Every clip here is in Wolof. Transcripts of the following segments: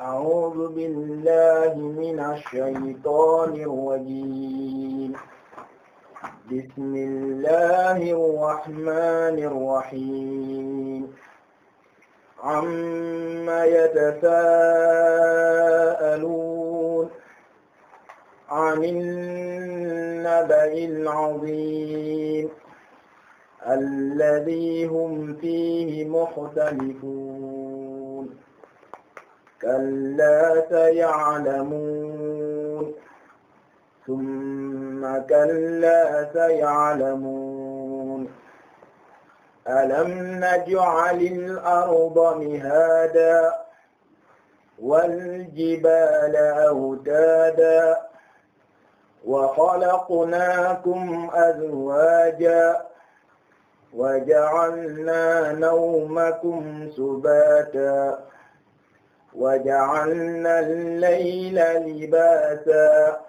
أعوذ بالله من الشيطان الرجيم بسم الله الرحمن الرحيم عم يتساءلون عن النبأ العظيم الذي هم فيه مختلفون كلا سيعلمون ثم كلا سيعلمون ألم نجعل الأرض مهادا والجبال أوتادا وخلقناكم أزواجا وجعلنا نومكم سباتا وجعلنا الليل لباسا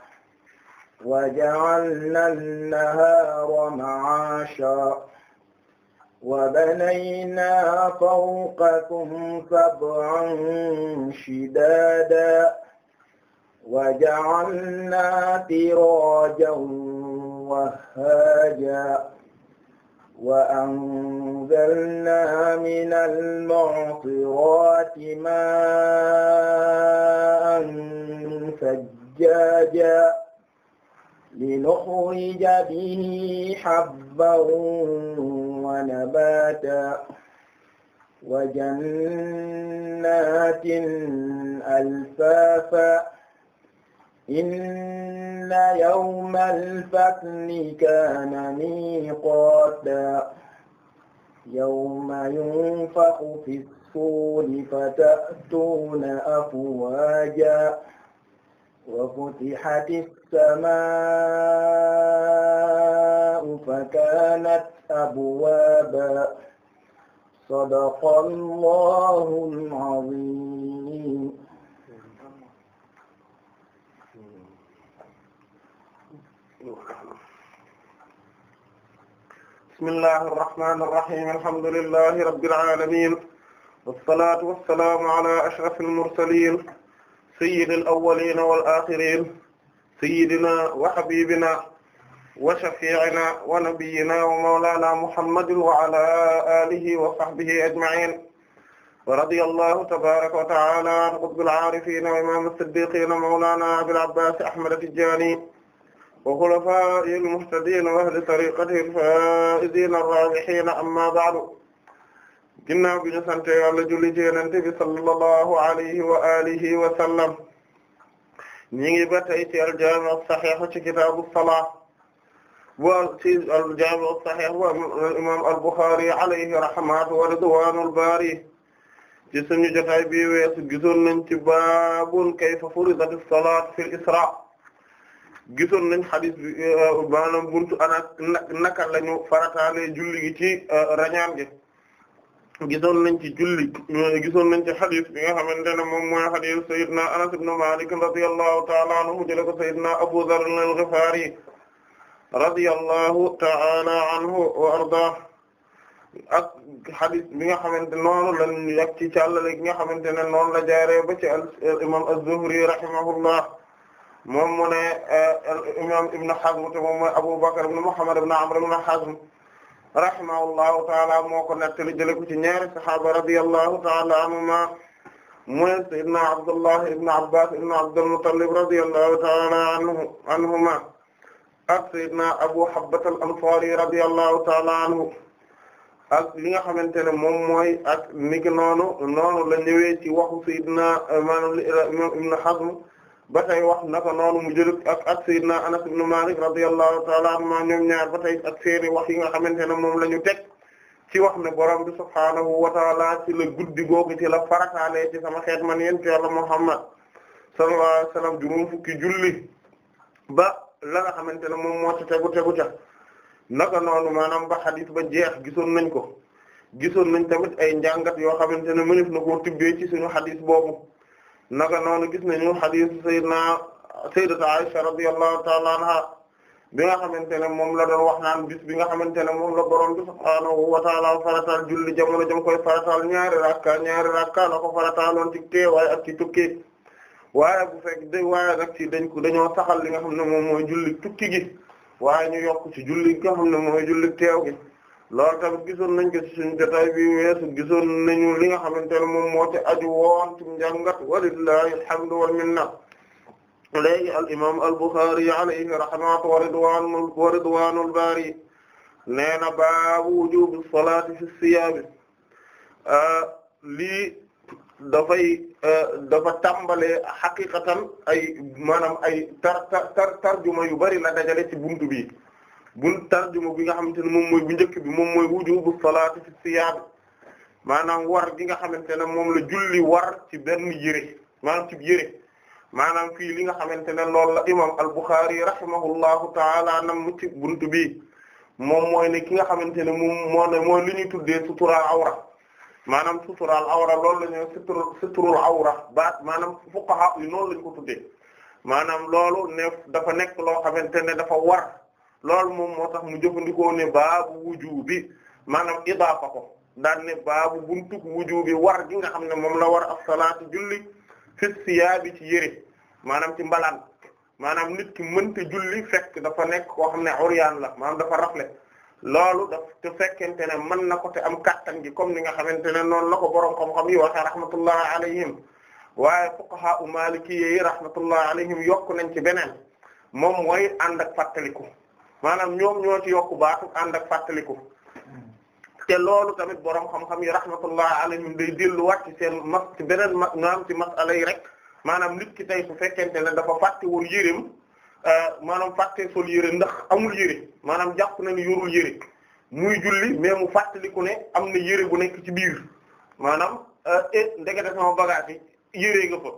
وجعلنا النهار معاشا وبنينا فوقكم سبعا شدادا وجعلنا سراجا وهاجا وأنزلنا من المعصرات ماء ثجاجا لنخرج به حبا ونباتا وجنات ألفافا inna yawmal fatni kaana miiqaata yawma yunfaxu fi ssuuri fata'tuuna afwaaja wa futihati ssamaa'u fakaanat abwaaba sadaqallaahu al-aziim bismillahi irrahmani irrahim alhamdulillahi rabbil alamin wassalatu wassalamu ala ashrafil mursalin sayyidil awwalin wal akhirin sayyidina wa habibina wa shafi'ina wa nabiyyina wa mawlana muhammadin wa ala alihi wa sahbihi ajma'in wa radiyallahu tabaraka wa ta'ala an qutbil arifin wa imam as-siddiqin mawlana abil abbas ahmad at-tijani wa xulafaa'ihi al-muhtadiina wa ahli tariiqatihi al-faa'iziina ar-raabihiina ammaa ba'du ginnaaw bi ñu sant Yàlla julli ci Yonent bi sallallahu alayhi wa alihi wa sallam ñu ngi ba tey ci al-jaami' as-sahiih ci kitaabu as-salaat wa ci al-jaami' as-sahiih wa imaam al-Buxaari alayhi rahmatu wa ridwaanu al-baari ci suñu jotaay bi weesu gisoon nañ ci baabun kayfa furidat as-salaat fil israa' gisoon nañ xadis bi euh, maanaam buntu naka lañu farataale julli gi ci euh, rañaan gi gisoon nañ ci julli euh, gisoon nañ ci xadis bi nga xamante ne moom mooy xadis sayidna anas ibn malik radiyallahu ta'ala anhu mu jële ko sayidna abu dharr al-ghifari radiyallahu ta'ala anhu wa bi nga xamante noonu lañ yàgg ci càllale gi nga xamante ne noonu la jaaree ba ci al imam az-zuhri rahimahullah moom mu ne eh, imam Ibn Hazm te moom mooy Abu Bakr ibn Muhammad ibn Amr ibn Hazm rahimahullahu taala moo ko nettali jële ko ci ñaari sahaaba radiyallahu taala anhuma mooy Sayyidina Abdullah ibn Abbas ibn Abdul Muttalib radiyallahu taala anhu anhuma ak Sayyidina Abu Habbat al-Ansari radiyallahu taala anhu ak li nga xamante ne moom mooy ak niki noonu noonu la ñëwee ci waxu Sayyidina maanaam Ibn Hazm ba tey wax naka noonu mu jël ak ak sayyidina Anas ibn Malik radiyallahu ta'ala anhuma ñoom ñaar ba tey ak seeni wax yi nga xamante ne moom la ñu teg ci wax ne borom bi subhaanahu wa ta'ala ci la guddi googu ci la farataalee ci sama xeet man yéen Yàlla Muhammad sallallahu alayhi wa sallam juróom fukki julli ba la nga xamante ne moom moo ci tegu tegu ca naka noonu maanaam ba xadis ba jeex gisoon nañ ko gisoon nañ tamit ay njàngat yoo xamante ne mënef na koo tibbee ci suñu boobu naka noonu gis nañu hadith sayyidina sayyidatu Aisha radiyallahu ta'ala anha bi nga xamante ne moom la doon wax naan bis bi nga xamante ne moom la borom bi subhaanahu wa ta'ala farataal julli jamono jam koy farataal ñaari rakka ñaari rakka la ko farataaloon ci teewaay ak ci tukki waaye bu fekk de waaye nag dañ ko dañoo saxal li nga xam ne moom mooy julli tukki gi waaye ñu yokk ci julli gi nga xam ne mooy julli teew gi loolu tamit gisoon nañ ko ci suñu jotaay bi weesu gisoon nañu li nga xamante ne moom moo ci aju woon ci njàngat walillahi alhamdu wal minna léegi al imam al Bukhari alayhi rahmatu wa ridwanul wa ridwanul bari nee na baabu wujubi salaati fi siyaabi ah, lii dafay ah, dafa tàmbalee xaqiqatan ay maanaam ay tar tar tarjuma yu bari la dajale ci buntu bi bun tarjuma bi nga xamante ne moom mooy bu njëkk bi moom mooy wujubu salaati fi siyaab maanaam war gi nga xamante ne moom la julli war ci benn yëre maanaam ci yëre maanaam fii li nga xamante ne loolu la imam al-Bukhari rahimahullahu taala nam mu ci buntu bi moom mooy ne ki nga xamante ne moom moo ne mooy li ñuy tuddee sutural awra maanaam sutural awra loolu la ñu sutur awra baat maanaam fuqaha yi noonu la ñu ko tuddee maanaam loolu ne dafa nekk loo xamante ne dafa war loolu moom moo tax mu jëfandikoo ne baabu wujubi maanaam idaafa ko daan ne baabu buntuk wujubi war gi nga xam ne moom la war a salaatu julli fi siyaabi ci yëre maanaam ci mbalaan maanaam nit ki mënta julli fekk dafa nekk koo xam ne uryaan la maam dafa rafle loolu daf te fekkente ne mën na ko te am kattan gi comme ni nga xamante ne noonu la ko boroom xam-xam yi waxe rahmatullahi alayhim waaye fuqaha u maliki yi rahmatullahi alayhim yokk nañ ci beneen moom mooy ànd ak fàttaliku maanaam ñoom ñoo ci yokku baatu ànd ak fàttaliku te loolu tamit borom xam-xam yi rahmatullah alayhim day delluwaat ci seen mas ci beneen ma maam ci masala yi rek maanaam nit ki tey su fekkente ne dafa fàtte woon yéreem euh, maanaam fàtte sol yére ndax amul yére maanaam jàpp na ni yorul yére muy julli mais mu fàttaliku ne am na yére bu nekk ci biir maanaam euh, et ndekete sama bagage yi yére nga fa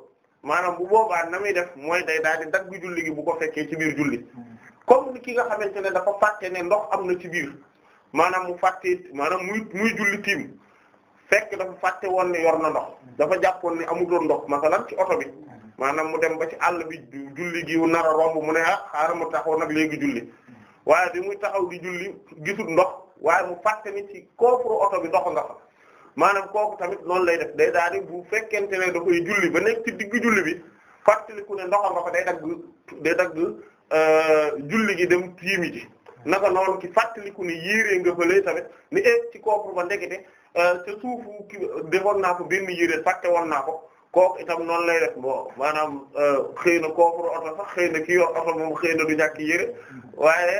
maanaam bu boobaa na muy def mooy day daal di dagg julli gi bu ko ci biir julli comme ni ki nga xamante ne dafa fàtte ne ndox am na ci biir maanaam mu fàtte maanaam muy muy julli tiim fekk dafa fàtte woon ne yor na ndox dafa jàppoon ne amutoon ndox masalan ci oto bi maanaam mu dem ba ci àll bi julli gi nar a romb mu ne ah mu taxaw nag léegi julli waaye bi muy taxaw di julli gisul ndox waaye mu fàtte ni ci coffre oto bi ndox nga fa maanaam kooku tamit noonu lay def day daal di bu fekkente ne da yi julli ba nekk ci digg julli bi fàttaliku ne ndox nga fa day dagg day dagg. Euh, julli gi dem tiimi ji naka noonu ci fàttaliku ni yéeree nga fële tamit ni eeg eh, ci koofur ba ndekete te euh, suufu ki defoon naa ko benn yéeree fàtte woon naa ko kooku itam noon lay def bon maanaam euh, xëy na koofur oto sax xëy na ki yor oto moom xëy na du ñàkk yére waaye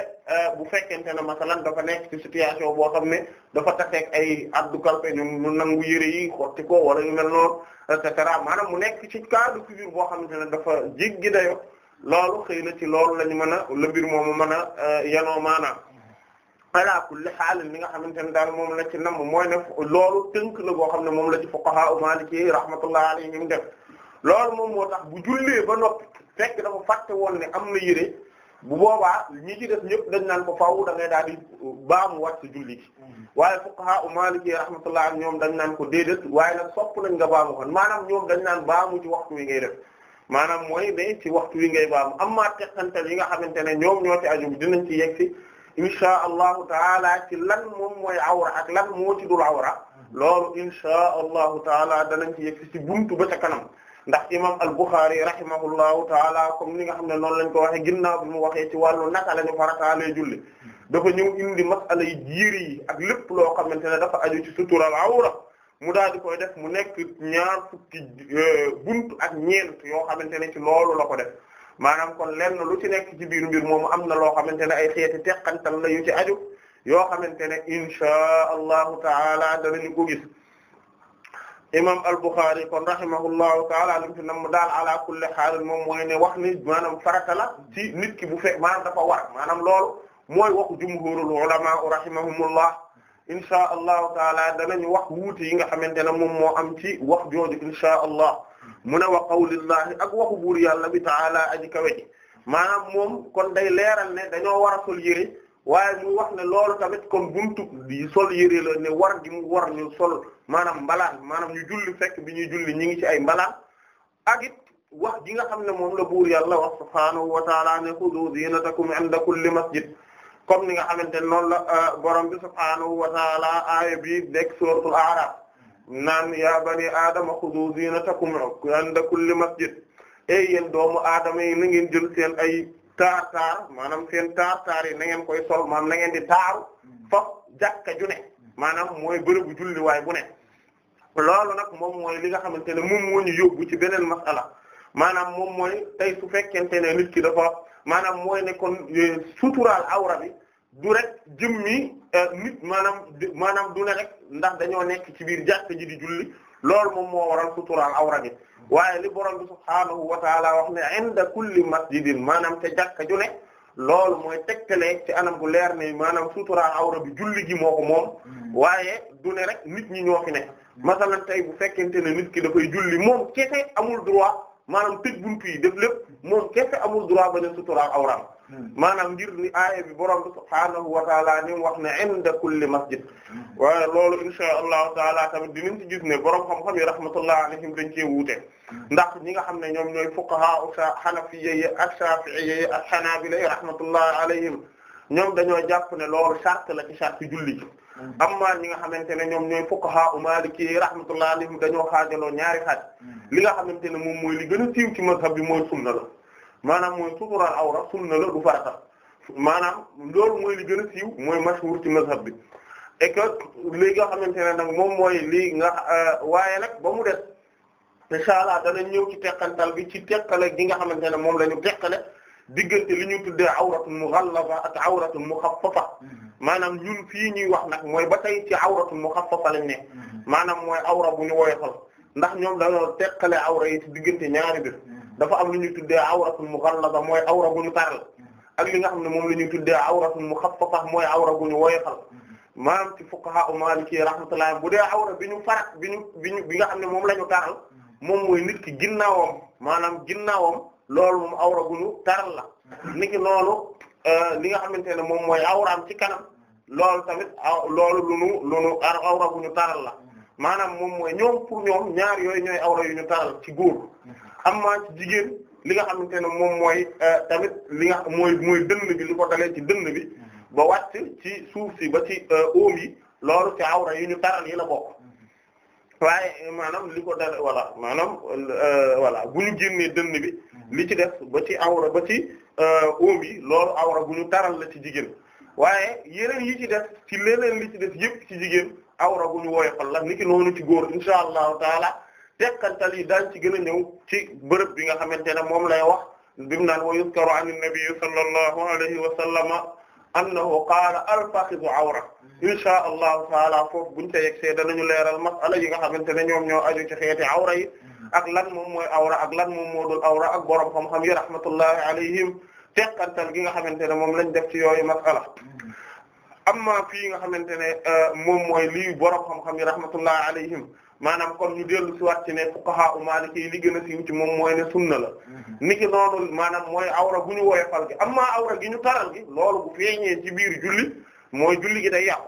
bu fekkente ne masalan dafa nekk ci situation boo xam ne dafa taseeg ay addu kalpe nangu yére yi xotti ko wala ñu mel noonu et cetera maanaam mu nekk ci cas de figure boo xam ne dafa jéggi dayo loolu xëy na ci loolu la ñu mën a la mbir moomu mën a euh, yanoo maanaam ala kulli xaal li nga xamante ne daal moom la ci nam mooy ne loolu tënk la boo xam ne moom la ci fuqaha maliki rahmatullah alayhim def loolu moom moo tax bu jullee ba noppi fekk dafa fàtte woon ne am na yére bu boobaa ñi ci def dañ naan ko faaw da daal di baamuwaat sa julli gi waaye fuqaha maliki rahmatullah ñoom dañ naan ko déedéet waaye nag sopp nañ nga baamu kon maanaam ñoom dañ naan baamu ci waxtu wi ngay def maanaam mooy ne ci waxtu wi ngay baamu amma teqantal yi nga xamante ne ñoom ñoo ci aju dinañ ci yegg si insha allahu taala ci lan moom mooy awra ak lan moo ci dul awra loolu insha allahu taala danañ ci yegg si ci buntu ba ca kanam ndax imam al-Bukhari rahimahullahu taala comme ni nga xam ne noonu lañ ko waxee ginnaaw bi mu waxee ci wàllu naka la ñu farataalee julli dafa ñëw indi masala yi jiir yi ak lépp loo xamante ne dafa aju ci sutural awra mu daal di koy def mu nekk ñaar fukki euh, buntu ak ñeent yoo xamante ne ci loolu la ko def maanaam kon lenn lu ci nekk ci biir mbir moomu am na loo xamante ne ay xeeti teqantal la yu ci aju yoo xamante ne inchaa allahu taala danañu ko gis imam al-Bukhari kon rahimahullahu taala li daal ala kulli xaal moom mooy ne wax ni maanaam farata la ci nit ki bu fekk maanaam dafa war maanaam loolu mooy waxu jumhurul ulama rahimahumullah insha allahu dana ñu wax wuute yi nga xamante ne moom moo am ci wax jooju insha allah mu ne wa qawlillahi ak waxu buur yàlla bi taala aji kawe ji maanaam moom kon day leeral ne dañoo war sol yére waaye ñu wax ne loolu tamit kon buntu di sol yére la ne war gi mu war ñu sol maanaam mbalaan maanaam ñu julli fekk bi ñuy julli ñu ngi ci ay mbalaan ak wax ji nga xam ne moom la buur yàlla subhaanahu wa taala ne xudu zinatakum inda kulli masjid comme ni nga xamante ne noonu la euh, borom bi subhaanahu wa taala aaya bi nekk suuratul a'raaf naan yaa bani aadama xudu zinatakum inda kulli masjid ey yéen doomu aadama yi na ngeen jël seen ay taar taar maanaam seen taar taar yi na ngeen koy sol maanaam na ngeen di taaru foofu jàkka ju ne maanaam mooy bërëbu julliwaay bu ne loolu nag moom mooy li nga xamante ne moom moo ñu ci beneen masala maanaam moom mooy tey su fekkente ne nit ki dafa maanaam mooy ne kon euh, suturaal awra bi du rek jëmmi euh, nit maanaam maanaam du ne rek ndax dañoo nekk ci biir jàkka ji di julli loolu moom moo waral suturaal awra bi waaye li borom bi subhaanahu wa wax ne inda kulli masjidin maanaam te jàkka ju ne loolu mooy tegtalee ci anam bu leer ni maanaam suturaal awra bi julli gi moo moom mm. waaye dune rek nit ñi ñoo fi ne masalan tey bu fekkente ne nit ki koy julli moom kese amul droit maanaam tëj buntu yi def lépp moom kese amul droit ba ne suturaal awraam hmm. maanaam ngir ni aaya bi borom bi subhaanahu wa taala ni mu wax ne inda kulli masjid hmm. waaye loolu inshaa allahu taala tamit dinañ ci gis ne borom xam-xam yi rahmatullah alayhim dañ cee wuute hmm. ndax ñi nga xam ne ñoom ñooy fuqaha usa xanafiyya yi ak shafi'iyya yi ak xanaabila yi rahmatullah alayhim ñoom dañoo jàpp ne loolu sart la ci sart julli ji amma ñi nga xamante ne ñoom ñooy fuqaha maliki rahmatullah alayhim dañoo xaajaloo ñaari xaaj mm. li nga xamante ne moom mooy li gën a siiw ci mazhab bi mooy sunna la maanaam mooy sutural awra sunna la du farata maanaam loolu mooy li gën a siiw mooy mashhur ci mazhab bi et que li nga xamante ne nag moom mooy lii nga euh, waaye nag ba mu des incha allah dana ñëw ci teqantal bi ci teqale gi nga xamante ne moom la ñu teqale diggante li ñu tuddee awratul mughallaza ak awratul mukhaffafa mm-hmm. maanaam ñun fii ñuy wax nag mooy ba tey ci awratul mukhaffafa lañ ne mm-hmm. maanaam mooy awra bu ñu ndax ñoom dañoo teqale awra yi ci diggante ñaari bir mm-hmm. dafa am lu ñuy tuddee awratul mughallaza mooy awra bu ñu taral ak li nga xam ne moom la ñuy tuddee awratul mukhaffafa mooy awra bu ñu woyofal maanaam ci fuqaha u maliki rahmatullah bu dee awra bi ñu farat bi ñu bi ñu bi nga xam ne moom lañu ñu taral moom mooy nit ki ginnaawam maanaam ginnaawam loolu moom awra gu ñu taral la mm-hmm. niki noonu euh, li nga xamante ne moom mooy awraam ci kanam mm-hmm. loolu tamit aw loolu lu nu awra gu ñu taral la mm-hmm. maanaam moom mooy ñoom pour ñoom ñaar yooyu ñooy awra yu ñu taral ci góor amaa ci jigéen li nga xamante ne moom mooy euh, tamit li nga mooy mooy dënn bi li ko dalee ci dënn bi ba wàcc ci suuf si ba ci euh, oom loolu ci awra yu ñu taral yi la bokk waaye maanaam li ko dalee walla maanaam voilà bu ñu génnee dënn bi. li ci def ba ci awra ba ci euh, oom yi loolu awra bu ñu taral la ci jigéen waaye yeneen yi ci def ci leneen li ci def yëpp ci jigéen awra bu ñu woyofal la niki noonu ci góor insha allahu taala tekkantal yi daal ci gën a ñëw ci bërëb bi nga xamante ne moom lay wax bi mu naan wa yuskaru an nabi sallallahu alayhi wa sallama annahu qaala alfaqidu awra mm-hmm. insha allahu taala foofu buñu te yegg see danañu leeral masala yi nga xamante ne ñoom ñoo aju ci xeeti awra yi mm-hmm. ak lan moom mooy awra ak lan moom moo dul awra ak borom xam-xam yi rahmatullahi alayhim teqantal gi nga xamante ne moom lañ def ci yooyu masala mm-hmm. amma fii nga xamante ne euh, moom mooy lii borom xam-xam yi rahmatullahi alayhim maanaam kon ñu dellu ci waat ci ne fuqaha u maliki li gën a siiw ci moom mooy ne sunna la mhm. niki noonu maanaam mooy awra bu ñu woyofal gi amma awra gi ñu taral gi loolu bu feeñee ci biir julli mooy julli gi day yàqu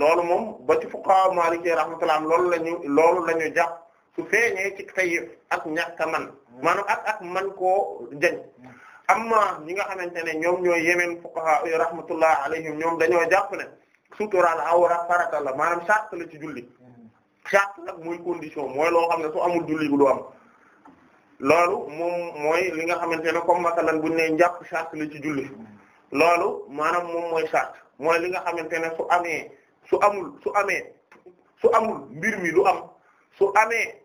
loolu moom ba ci fuqaha u maliki rahmatullah loolu la ñu loolu la jàpp su feeñee ci tayif ak ñàkka man mhm. maanaam at ak man ko jañ mhm. amma ñi nga xamante ne ñoom ñooy yeneen fuqaha rahmatullah alayhim ñoom dañoo jàpp ne suturaal awra farata la maanaam sart la ci julli charte nag mooy condition mooy loo am na su amul julli bu du am loolu moom mooy li nga xamante ne comme masalan buñ ne njàpp charte la ci julli loolu maanaam moom mooy charte mooy li nga xamante ne su amee su amul su amee su amul mbir mi du am su amee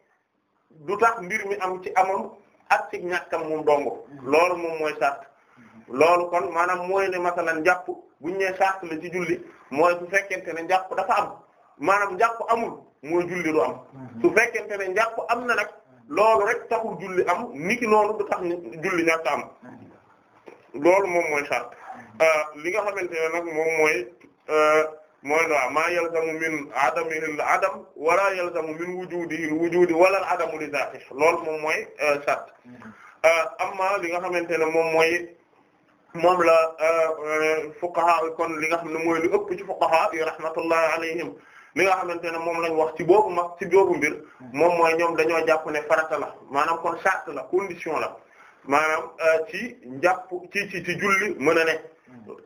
du tax mbir mi am ci amam at ci ñàkkam moom dongo loolu moom mooy charte loolu kon maanaam mooy ne masalan njàpp buñ ne charte la ci julli mooy su fekkente ne jàpp dafa am maanaam jàpp amul mooy julli du am mhm. su fekkente ne njàpp am na nag mhm. loolu rek taxul julli am niki noonu du tax julli ñàkk am mhm. loolu moom mooy sart euh, li nga xamante ne nag moom mooy euh, mooy la maa yalzamu min adamihi al adam wala yalzamu min wujudihi al wujudi moom mooy euh, sart li nga xamante ne moom mooy moom la fuqaha kon li nga xam ne mooy lu ëpp ci fuqaha yi rahmatullahi alayhim li nga xamante ne moom lañ wax ci boobu mag ci boobu mbir moom mooy ñoom dañoo jàpp ne farata la maanaam kon charte la condition la maanaam euh, ci jàpp ci ci ci julli mën a ne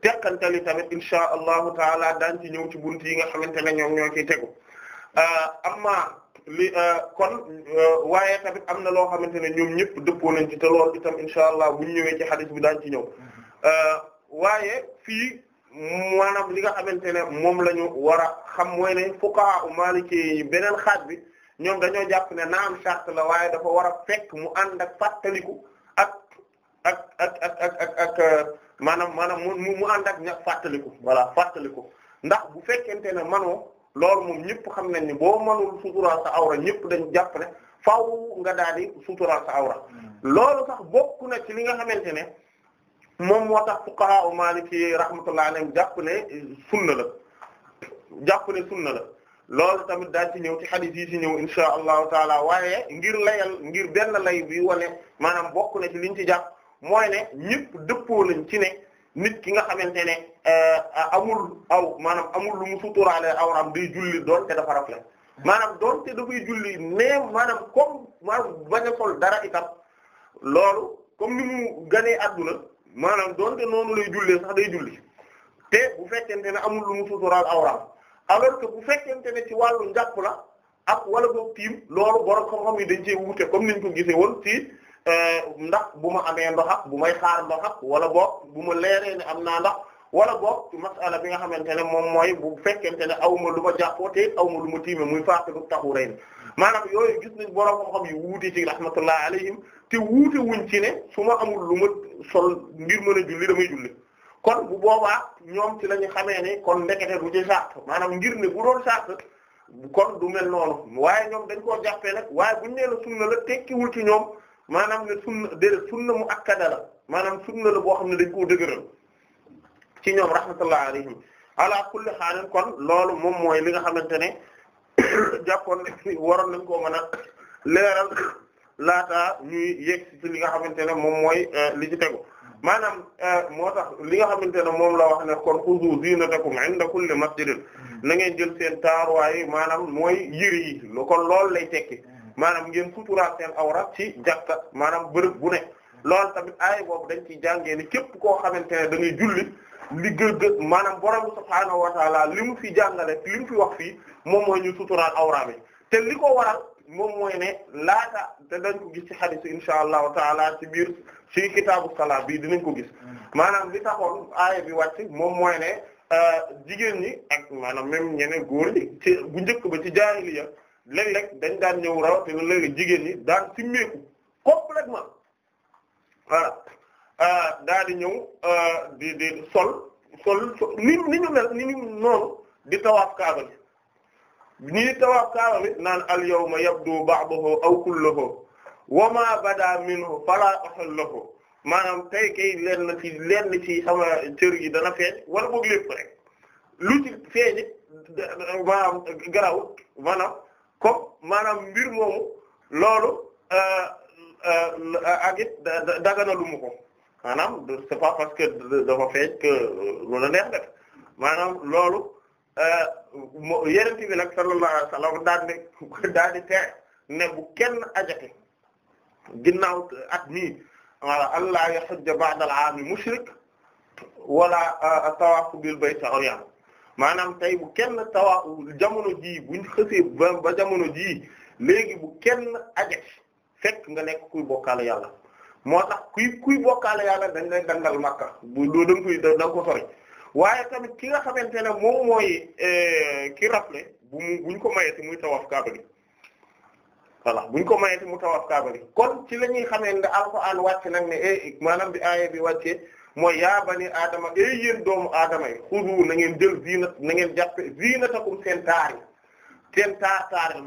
teqantali tamit inshaa allahu taala daan ci ñëw ci bunt yi nga xamante ne ñoom ñoo ciy tegu euh, amma li euh, kon waaye tamit am na loo xamante ne ñoom ñëpp dëppoo nañ ci te itam inshaa allah buñ ñëwee ci hadith bi daañ ci ñëw waaye fii maanaam li nga xamante ne moom la ñu war a xam mooy ne fuqaha maliki beneen xaaj bi ñoom dañoo jàpp ne naam charte la waaye dafa war a fekk mu ànd ak fàttaliku ak maanaam maanaam mu mu ànd ak ña fàttaliku voilà fàttaliku ndax bu fekkente ne manoo loolu moom ñëpp xam nañ ni boo mënul suturaal sa awra ñëpp dañ jàpp ne faaw nga daal di suturaal sa awra hmm. loolu sax bokk ci li nga xamante ne. moom moo tax fuqaha maliki rahmatullahi alayhim jàpp ne sunna la jàpp ne sunna la loolu tamit daal ci ñëw ci hadith yi ci ñëw insha allahu taala waaye ngir layal ngir benn lay bi wane maanaam bokk na ci liñ ci jàpp mooy ne ñëpp dëppoo lañ ci ne nit ki nga xamante ne euh, amul aw maanaam amul lu mu suturaale awram day julli doon te dafa rafle maanaam doon te dafay julli mais maanaam comme maanaam dara itam loolu comme ni mu ganee adduna maanaam doonte noonu lay jullee day julli te bu fekkente ne am lu mu suturaal awraam alors que bu fekkente ne ci wàllu njàpp la ak wala boog tiim loolu borom xam-xam yi dañ cee wuute comme niñ ko gisee woon ci euh, ndax bu ma amee ndox ak bu may xaar ndox ak wala boog bu ma leeree ne am naa ndax wala boog ci masala bi nga xamante ne moom mooy bu fekkente ne awma lu ma jàppoo te aw ma lu ma tiime muy faaq du taxu rey maanaam yooyu gis nañ borom xam-xam yi wuute ci rahmatullah alayhim te wuute wuñ ci ne su ma amul lu ma sol ngir mën a julli damay julli kon bu boobaa ñoom ci la xamee ne kon ndekete du ci sart maanaam ngir ne bu doon sart kon du mel noonu waaye ñoom dañ koo jàppee nag waaye buñ nee la na la tekkiwul ci ñoom maanaam ne sunna déedéet na mu akkada la maanaam sunna la boo xam ne dañ koo dëgëral ci ñoom rahmatullah alayhim kulli xaalin kon loolu moom mooy li nga xamante ne jàppoon waroon nañ koo mën a leeral laata ñuy yegg ci li nga xamante ne moom mooy euh, li ci tegu maanaam euh, moo tax li nga xamante ne moom la wax ne kon xuzu zinatakum inda kulli masjidin na ngeen jël seen taaruwaay maanaam mooy yëre yi kon loolu lay tekki maanaam ngeen suturaat seen awra ci jàkka maanaam bërëb bu ne lool tamit aay boobu dañ ciy jàngee ni képp koo xamante ne da ngay julli li gë maanaam borom subhaanahu wa taala li mu fi jàngale li mu fi wax fii moom mooy ñu suturaat awra bi te li ko waral moom mooy ne laata te dañ gis ci xadisu insha allahu taala ci biir ci kitaabu salaa bii dinañ ko gis mm. maanaam li taxoon aaya bi wàcc moom mooy ne euh, jigéen ñi ak maanaam même ñene góor ñi ci bu njëkk ba ci jaahiliya léeg-léeg dañ daan ñëw rawatina léegi jigéen ñi daan simmeeku complètement voilà euh, daal ñëw euh, di sol sol ni ni ñu mel ni ñu noonu di tawaaf kaaba gi ñii tawaaf kaaba bi naan al yawma yabdu ba'dahu aw kulluhu wa ma bada minhu fala uhillahu maanaam tey kay lenn ci lenn ci sama cër dana feeñ wala boog lépp rek lu ci feeñ maanaam garawut maanaam comme maanaam mbir moomu loolu euh, euh, ak dagana lu mu ko maanaam c'est pas parce que dafa feeñ que neex def maanaam loolu Euh, yonent bi nag sallallahu alayhi wasallam daal di daal di tere ne bu kenn ajate ginnaaw at mi wala allah yahujja ba'da al-aami mushrik wala euh, tawaafu bil bayt uryan maanaam tey bu kenn tawa jamono jii buñ xësee ba ba jamono jii léegi bu kenn ajate fekk nga nekk kuy bokkaale yàlla moo tax kuy kuy bokkaale yàlla da lay dangal makka bu doo da nga koy waaye tamit ki nga xamante ne moom mooy eh, ki rafle bu mu buñ ko mayeti muy tawaf kaaba gi voilà buñ ko mayeti mu tawaf kaaba gi kon ci la ñuy xamee ne alxuraan wàcc nag e maanaam bi aaya bi wàccee mooy yaa bani aadama e yéen doomu aadama yi xudu na ngeen jël ziinat na ngeen jàppe ziinatakum seen taar yi seen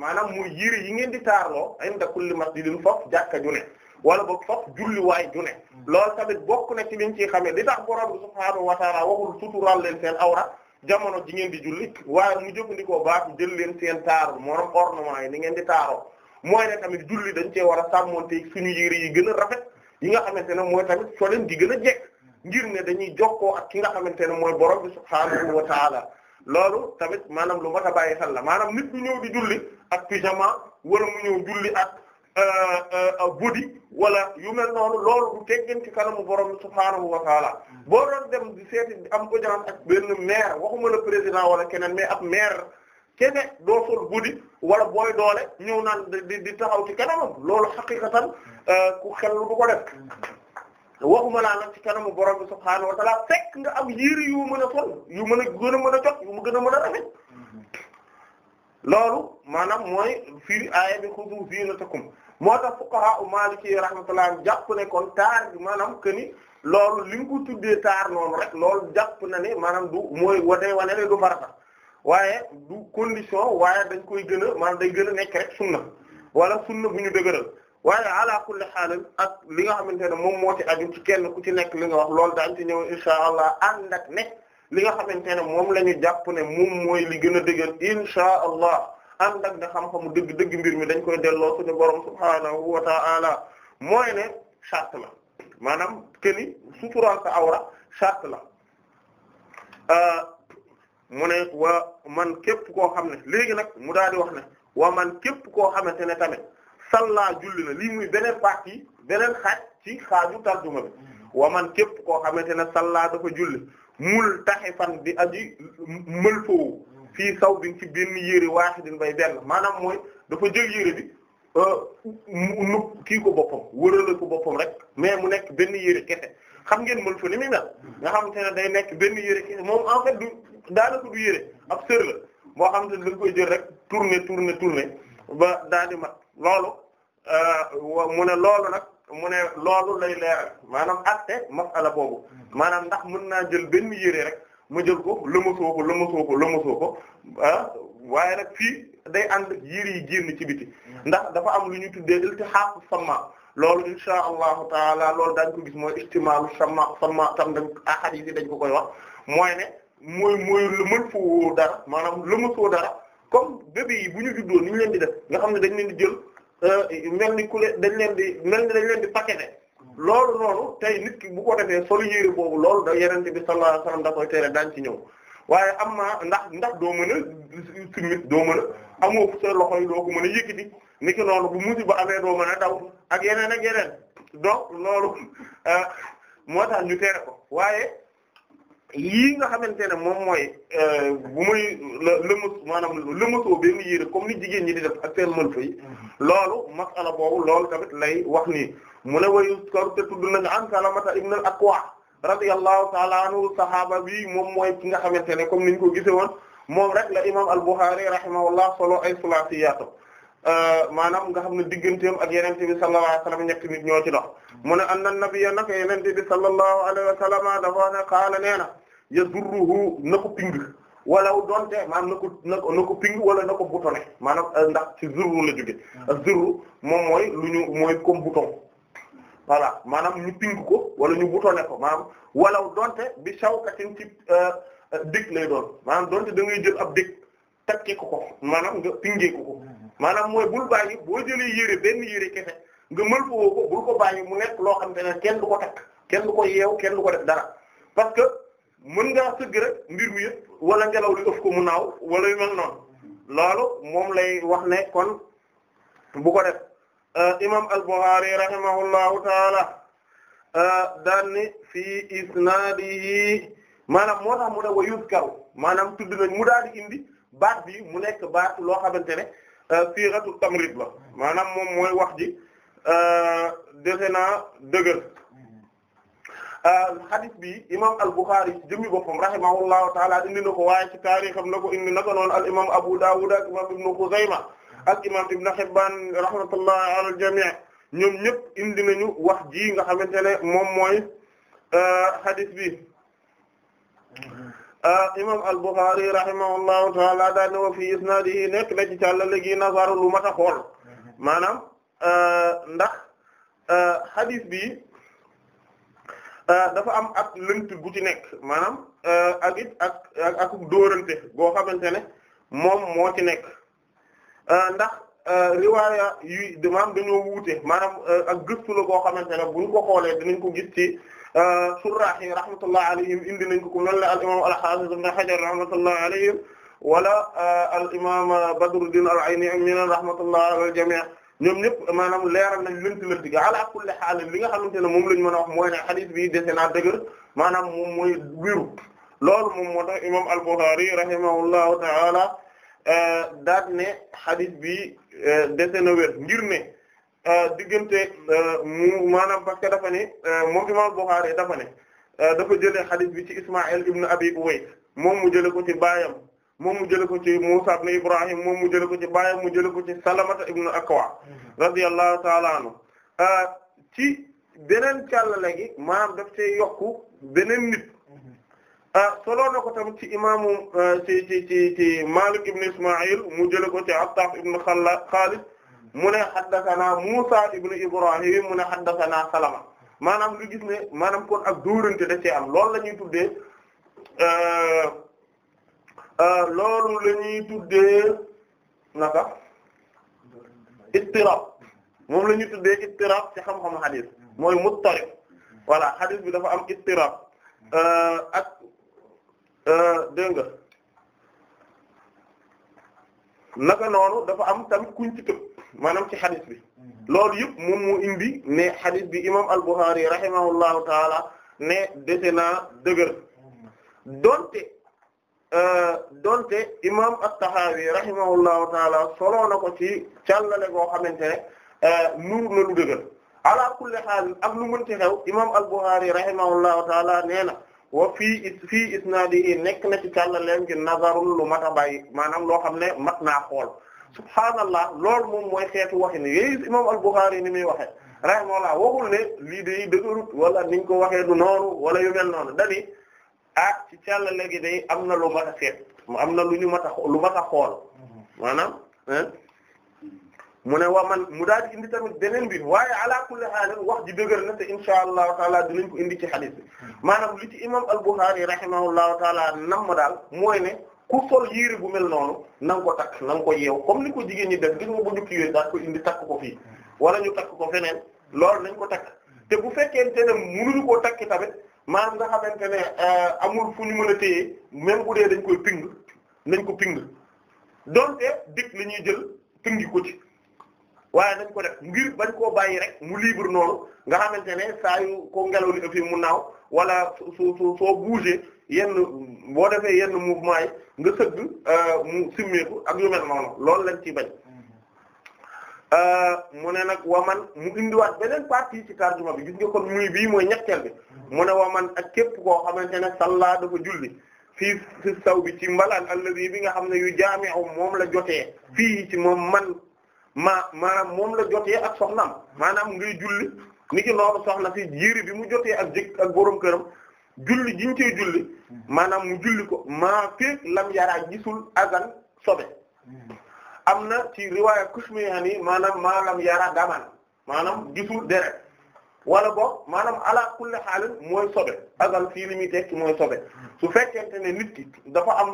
maanaam muy yiri yi ngeen di taarloo inda kulli masjidin foofu jàkka ju ne wala boog fop julliwaay ju ne hmm. loolu tamit bokk na ci liñ ciy xamee li tax borom bi subhaanahu wa ta'ala waxul suturaal leen seen awra jamono ji ngeen di julli waaye mu jëfandikoo baax jël leen seen taar morom ornement yi ni ngeen di taaroo mooy ne tamit julli dañ cee war a sàmmonteeg suñu yére yi gën a rafet yi nga xamante ne mooy tamit leen di gën a jekk ngir ne dañuy jokkoo ak ki nga xamante ne mooy borom bi subhaanahu wa ta'ala loolu tamit maanaam lu mat a bàyyi xel la maanaam nit ñëw di julli ak pyjama wala mu ñëw julli ak Euh, euh, guddi wala yu mel noonu loolu du teggin ci kanamu borom bi subhaanahu wa taala boo doon dem di seeti am audience ak benn maire waxuma la président wala keneen mais ak maire kene doo sol guddi wala booy doole ñëw naan di di taxaw ci kanamam loolu xaqiqatan euh, ku xel du ko def waxuma laa nag ci kanamu borom bi subhaanahu wa fekk nga am yére yu mën a sol yu mën a gën a mën a jot yu mu gën a mën a rafet loolu maanaam mooy fii aaya bi xudu zinatakum moo tax fuqaha u maliki rahmatullah jàpp ne kon taar bi maanaam que ni loolu li nga ko tuddee taar noonu rek loolu jàpp na ne maanaam du mooy wane wane ne du farata waaye du condition waaye dañ koy gën a maanaam day gën a nekk rek sunna wala sunna bu ñu dëgëral waaye ala kulli xaal ak li nga xamante ne moom moo ci aju ci kenn ku ci nekk li nga wax loolu daañu ci ñëw insha allah ànd ak ne li nga xamante ne moom la ñu jàpp ne moom mooy li gën a dëgër insha allah. am ak ne xam-xamu dëgg dëgg mbir mi dañ koy delloo suñu borom subhaanahu wa ta'ala mooy ne charte la maanaam keni suturaal sa awra charte la euh, mu ne wa man képp koo xam ne léegi nag mu daal di wax ne wa man képp koo xamante ne tamit salla julli na lii muy beneen partie beneen xaaj ci xaaju tarjuma bi wa man képp koo xamante ne salla dafa julli mul taxifan di aji mël foowu fii saw bi ci benn yére waaxidin bay benn maanaam mooy dafa jël yére bi nu euh, kii ko boppam wërale ko boppam rek mais mu nekk benn yére kese xam ngeen mën fa ni muy mel nga xamante ne day nekk benn yére kese moom en fait du daanaka du yére ab sër la boo xam ne dañ koy jël rek tourner tourner tourner ba daal di mat loolu euh, mu ne loolu nag mu ne loolu lay leeral maanaam atte masala boobu maanaam ndax mën naa jël benn yére rek ma jël ko lëmasoo ko lëmasoo ko lëmasoo ko ah waaye nag fii day ànd yiir yi génn ci biti mm. ndax dafa am lu ñu tuddee iltihaq sama loolu insha allahu taala loolu daan ko gis mooy istimalu sama sama tam dañ a yi dañ ko koy wax mooy ne mooy mooy mën foo dara maanaam lëmasoo dara kom bébé yi bu ñu juddoo ni ñu leen di def nga xam ne dañ leen di jël euh, mel ni ku leen dañ leen di mel ni dañ leen di paqueté loolu noonu tey nit ki bu ko defee solu yére boobu loolu da yenente bi sallallahu alayhi wasallam da koy tere daañ ci ñëw waaye am na ndax ndax doo mën a simmit doo mën a amoo loxo yi doo ko mën a yëkkati ni ki noonu bu musiba amee doo mën a daw ak yeneen ak yeneen donc loolu euh, moo tax ñu tere ko waaye lii nga xamante ne moom mooy euh, bu muy lëmas maanaam lëmasoo benn yére comme ni jigéen ñi di def ak seen mël fa yi loolu masala boobu loolu tamit lay wax nii mu ne wayu kor te tudd nañu an Salamata ibn al-Akwa radiyallahu ta'ala anhu sahaaba bi moom mooy ki nga xamante ne comme niñ ko gise woon moom rek la imam al-Bukhari rahimahullah solo ay sulaasiyaat euh, maanaam nga xam ne digganteem ak yenente bi sallallahu alayhi wasallam ñetti nit ñoo ci dox mu ne anna nabiyya naka yenente bi sallallahu alayhi wasallam dafa ne qaala nee ya yadurruhu na ko ping walaw donte maanaam na ko na ko na ko ping wala na ko boutonné maanaam euh, ndax ci zurru la jóge ak hmm. zurru moom mooy lu ñu mooy comme bouton voilà maanaam ñu ping ko wala ñu boutonné ko maanaam walaw donte bi shawkatin ci euh, euh, dik lay doon maanaam donte da ngay jël ab dik takki ko ko maanaam nga pingee ko ko maanaam mooy bul boo jëlee yére benn yére kese nga mël ko woo ko mu nekk loo xam ne kenn du ko takk kenn du ko yeew kenn du ko def dara parce que mën ngaa sëgg rek mbir mi yëpp wala ngelaw li ëf ko mu naaw wala yu mel noonu loolu moom lay wax ne kon bu ko def Euh, imam al-Bukhari rahimahullahu taala euh, daan ni fii isnaadihi maanaam moo tax mu ne wa yuzkaru maanaam tudd nañ mu daal di indi baat bi mu nekk baat loo xamante ne euh, siiratu tamrid la maanaam moom mooy wax ji dese naa dëgër hadith bi imam al-Bukhari jëmmi boppam rahimahullahu taala indi na ko waaye ci taarixam la ko indi naka noonu al imam Abu Dawud ak imam Ibn Khuzaymah ak imam Ibn Hibban rahmatullah ala ñoom ñëpp indi nañu wax ji nga xamante ne moom mooy euh, hadith bi euh, imam al-Bukhari rahimahullahu ta'ala daa ne wa fi isnadihi nekk na ci càllale léegi nazaru lu mat a xool maanaam euh, ndax hadith bi dafa am ak lënt gu ci nekk maanaam ak ak ak dóorante goo xamante ne moom moo ci nekk Euh, ndax euh, riwaaya yu demam dañoo wuute maanaam euh, ak gëstu la boo xamante ne buñ ko xoolee dinañ ko gis ci surraax yi rahmatullah alayhim indi nañ ko ku mel ne al imam al-Hafiz ibn Hajar rahmatullah alayhim wala al imam Badruddin al-Ayni ak ñeneen rahmatullah al jami' ñoom ñëpp maanaam leeral nañ lënt lënt ga ala kulli haal li nga xamante ne moom lañ mën a wax mooy ne hadith bi dese naa dëgër maanaam moom mooy wiru loolu moom moo tax imam al-Bukhari rahimahullahu ta'ala Euh, daat ne xadis bi euh, dese na wér ngir ne euh, diggante mu maanaam parce que dafa ne moom imam Bukhari dafa ne dafa jëlee xadis bi ci Ismaïl ibn Abi Uways moom mu jëlee ko ci baayam moom mu jëlee ko ci Musa ibn Ibrahim moom mu jëlee ko ci baayam mu jëlee ko ci Salamata ibn Akwa mhm. radiyallahu ta'ala anhu ci beneen càllale gi maanaam daf see yokku beneen nit Ah, solo na ko tamit ci imaamu ah, ci ci ci ci Malik ibn Isma'il mu jëlee ko ci Attaaf ibn Khalla Khalid mu ne haddathana Musa ibn Ibrahim mu ne haddathana Salama maanaam lu gis ne maanaam kon ak dóorante da cee am loolu la ñuy tuddee ah, loolu la naka ittirab moom la ñuy tuddee ittirab ci xam-xamu hadith mooy muttarib voilà hadith bi dafa am ittirab Euh, dégg nga noonu dafa am tamit kuñ ci tëb maanaam ci xadis bi mm-hmm. loolu yëpp moom mu indi ne xadis bi imam al-Bukhari rahimahullahu taala ne dese naa dëgër mm-hmm. donte euh, donte imam at-Tahawi rahimahullahu taala soloo na ko ci càllale goo xamante ne euh, nuur na lu dëgër ala kulli xaal ak lu mënti xew imam al-Bukhari rahimahullahu taala nee wa fii fii i nekk na ci càllaleem gi nazarul lu mat a bàyyi maanaam loo xam ne mat naa xool subhaanallah lool moom mooy xeetu waxi ni yooyu imam al-Bukhari ni muy waxee rahimahullah waxul ne lii day dëgërut wala niñ ko waxee du nooru wala yu mel noonu dani ah ci càllale gi day am na lu mat a seet am na lu ñu mat a lu mat a xool maanaam mu ne wa man mu daal di indi tamit beneen bi waaye ala kulli haal wax ji dëgër na te insha allahu taala dinañ ko indi ci hadith bi hmm. maanaam li ci imam al-Bukhari rahimahullahu taala nam ma daal mooy ne ku sol yére bu mel noonu nan ko takk na nga ko yeew comme ni ko jigéen ñi def gis nga bu ñu kiiwee daal ko indi takk ko fii hmm. wala ñu takk ko feneen lool nañ ko takk te bu fekkee fekkente ne ñu koo takki tamit maanaam nga xamante ne euh, amul fu ñu mën a téye même bu dee dañ koy ping nañ ko ping donte dik ñuy jël pingi ko ci. waaye dañ ko def ngir bañ koo bàyyi rek mu libre noonu nga xamante ne saa ko ngelaw li ëppee mu naaw wala su su soo bougé yenn boo defee yenn mouvement yi nga sëgg euh, mu simmeeku ak yu mel noonu loolu lañ ciy bañ euh, mu ne nag waman mu indiwaat beneen partie ci tarjuma bi gis nga kon muy bii mooy ñetteel bi mu ne waman ak képp koo xamante ne salla dafa julli fii fi saw bi ci mbalaan alladi bi nga xam ne yu jaame jaami moom la jotee fii ci moom man ma maanaam moom la jotee ak soxnaam maanaam ngay julli ni ki noonu soxna si yére bi mu jotee ak jëkk ak borom këram julli jiñ ci julli maanaam mu julli ko ma féeg lam yaraa gisul azan sobe hmm. am na ci riwaaya Kushmihani maanaam maa lam yara daman maanaam gisul deret wala boog maanaam ala kulli xaalin mooy sobe azal fii li muy tekki mooy sobe su fekkente ne nit ki dafa am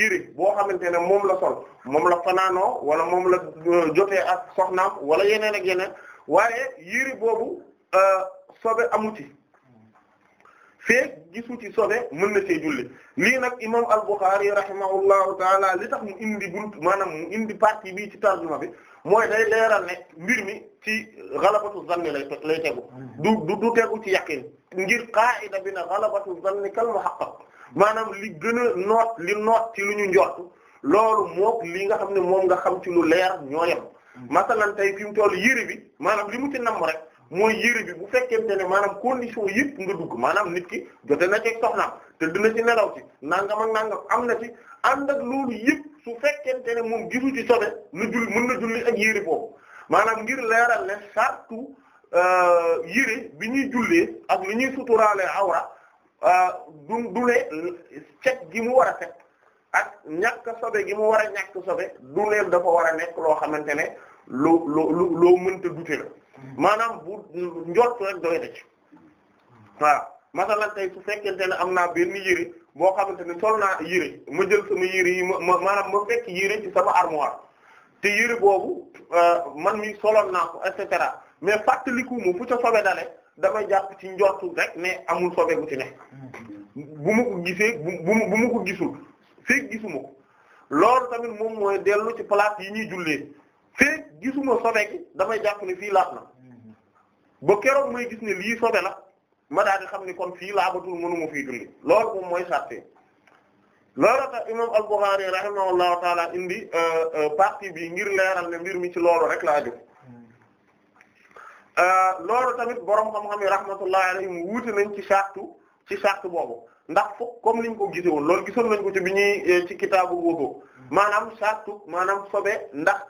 yére boo xamante ne moom la sol moom la fanaanoo wala moom la euh, jotee ak soxnaam wala yeneen ak yeneen waaye yére boobu euh, sobe amu ci feek gisu ci sobe mën na see julli lii nag imam al-Bukhari rahimahullahu li tax mu indi bunt maanaam mu indi partie bii ci tarjuma bi mooy day leeral ne mbir mi ci xalabatu zanni lay lay tegu du du tegu ci yaqin ngir qaa'ida bi na xalabatu zanni kal muhaqqaq maanaam li gën a noot li noot ci lu ñu njort loolu mook li nga xam ne moom nga xam ci lu leer ñoo yem masalan tey fi mu toll yëre bi maanaam li mu ci namm rek mooy yëre bi bu fekkente ne maanaam condition yëpp nga dugg maanaam nit ki jote na ci soxnaam te dina ci nelaw ci nangam nangam am na ci ànd ak loolu yëpp su fekkente ne moom gisu ci sobe na julli mën na julli ak yére boobu maanaam ngir leeral ne sartu euh, yére bi ñuy jullee ak li ñuy suturaale awra euh, du du ne set gi mu war a set ak ñàkk sobe gi mu war a ñàkk sobe du ne dafa war a nekk loo xamante ne loo loo loo mënta dute la maanaam bu njort rek doy na ci waaw ne am naa benn yére boo xamante ne sol naa yére ma jël sama yére yi ma ma maanaam ma fekk yére ci sama armoire te yëre boobu euh, man mi solon naa ko et cetera mais fàttaliku ma fu ca sobe dale damay jàpp ci njortu rek ne amul sobe bu ci ne bu ma ko gisee bu bu ma ko gisul feeg gisuma ko loolu tamit moom mooy dellu ci place yi ñuy jullee feeg gisuma sobe gi damay jàpp ne fii laat na ba keroog may gis ne lii sobe la ma daal di xam ni kon fii laabatul mënuma fii julli loolu moom mooy sarti loolu tax imam al-Bukhari rahimahullahu indi euh, euh, partie bi ngir leeral ne mbir mi ci loolu rek la aju euh, loolu tamit borom xam-xam yi rahmatullahi alayhim wuute nañ ci sartu ci sartu boobu ndax foog comme liñ ko woon loolu gisoon nañ ko ci bi ñuy ci kitaabu wóoboo maanaam sartu maanaam sobe ndax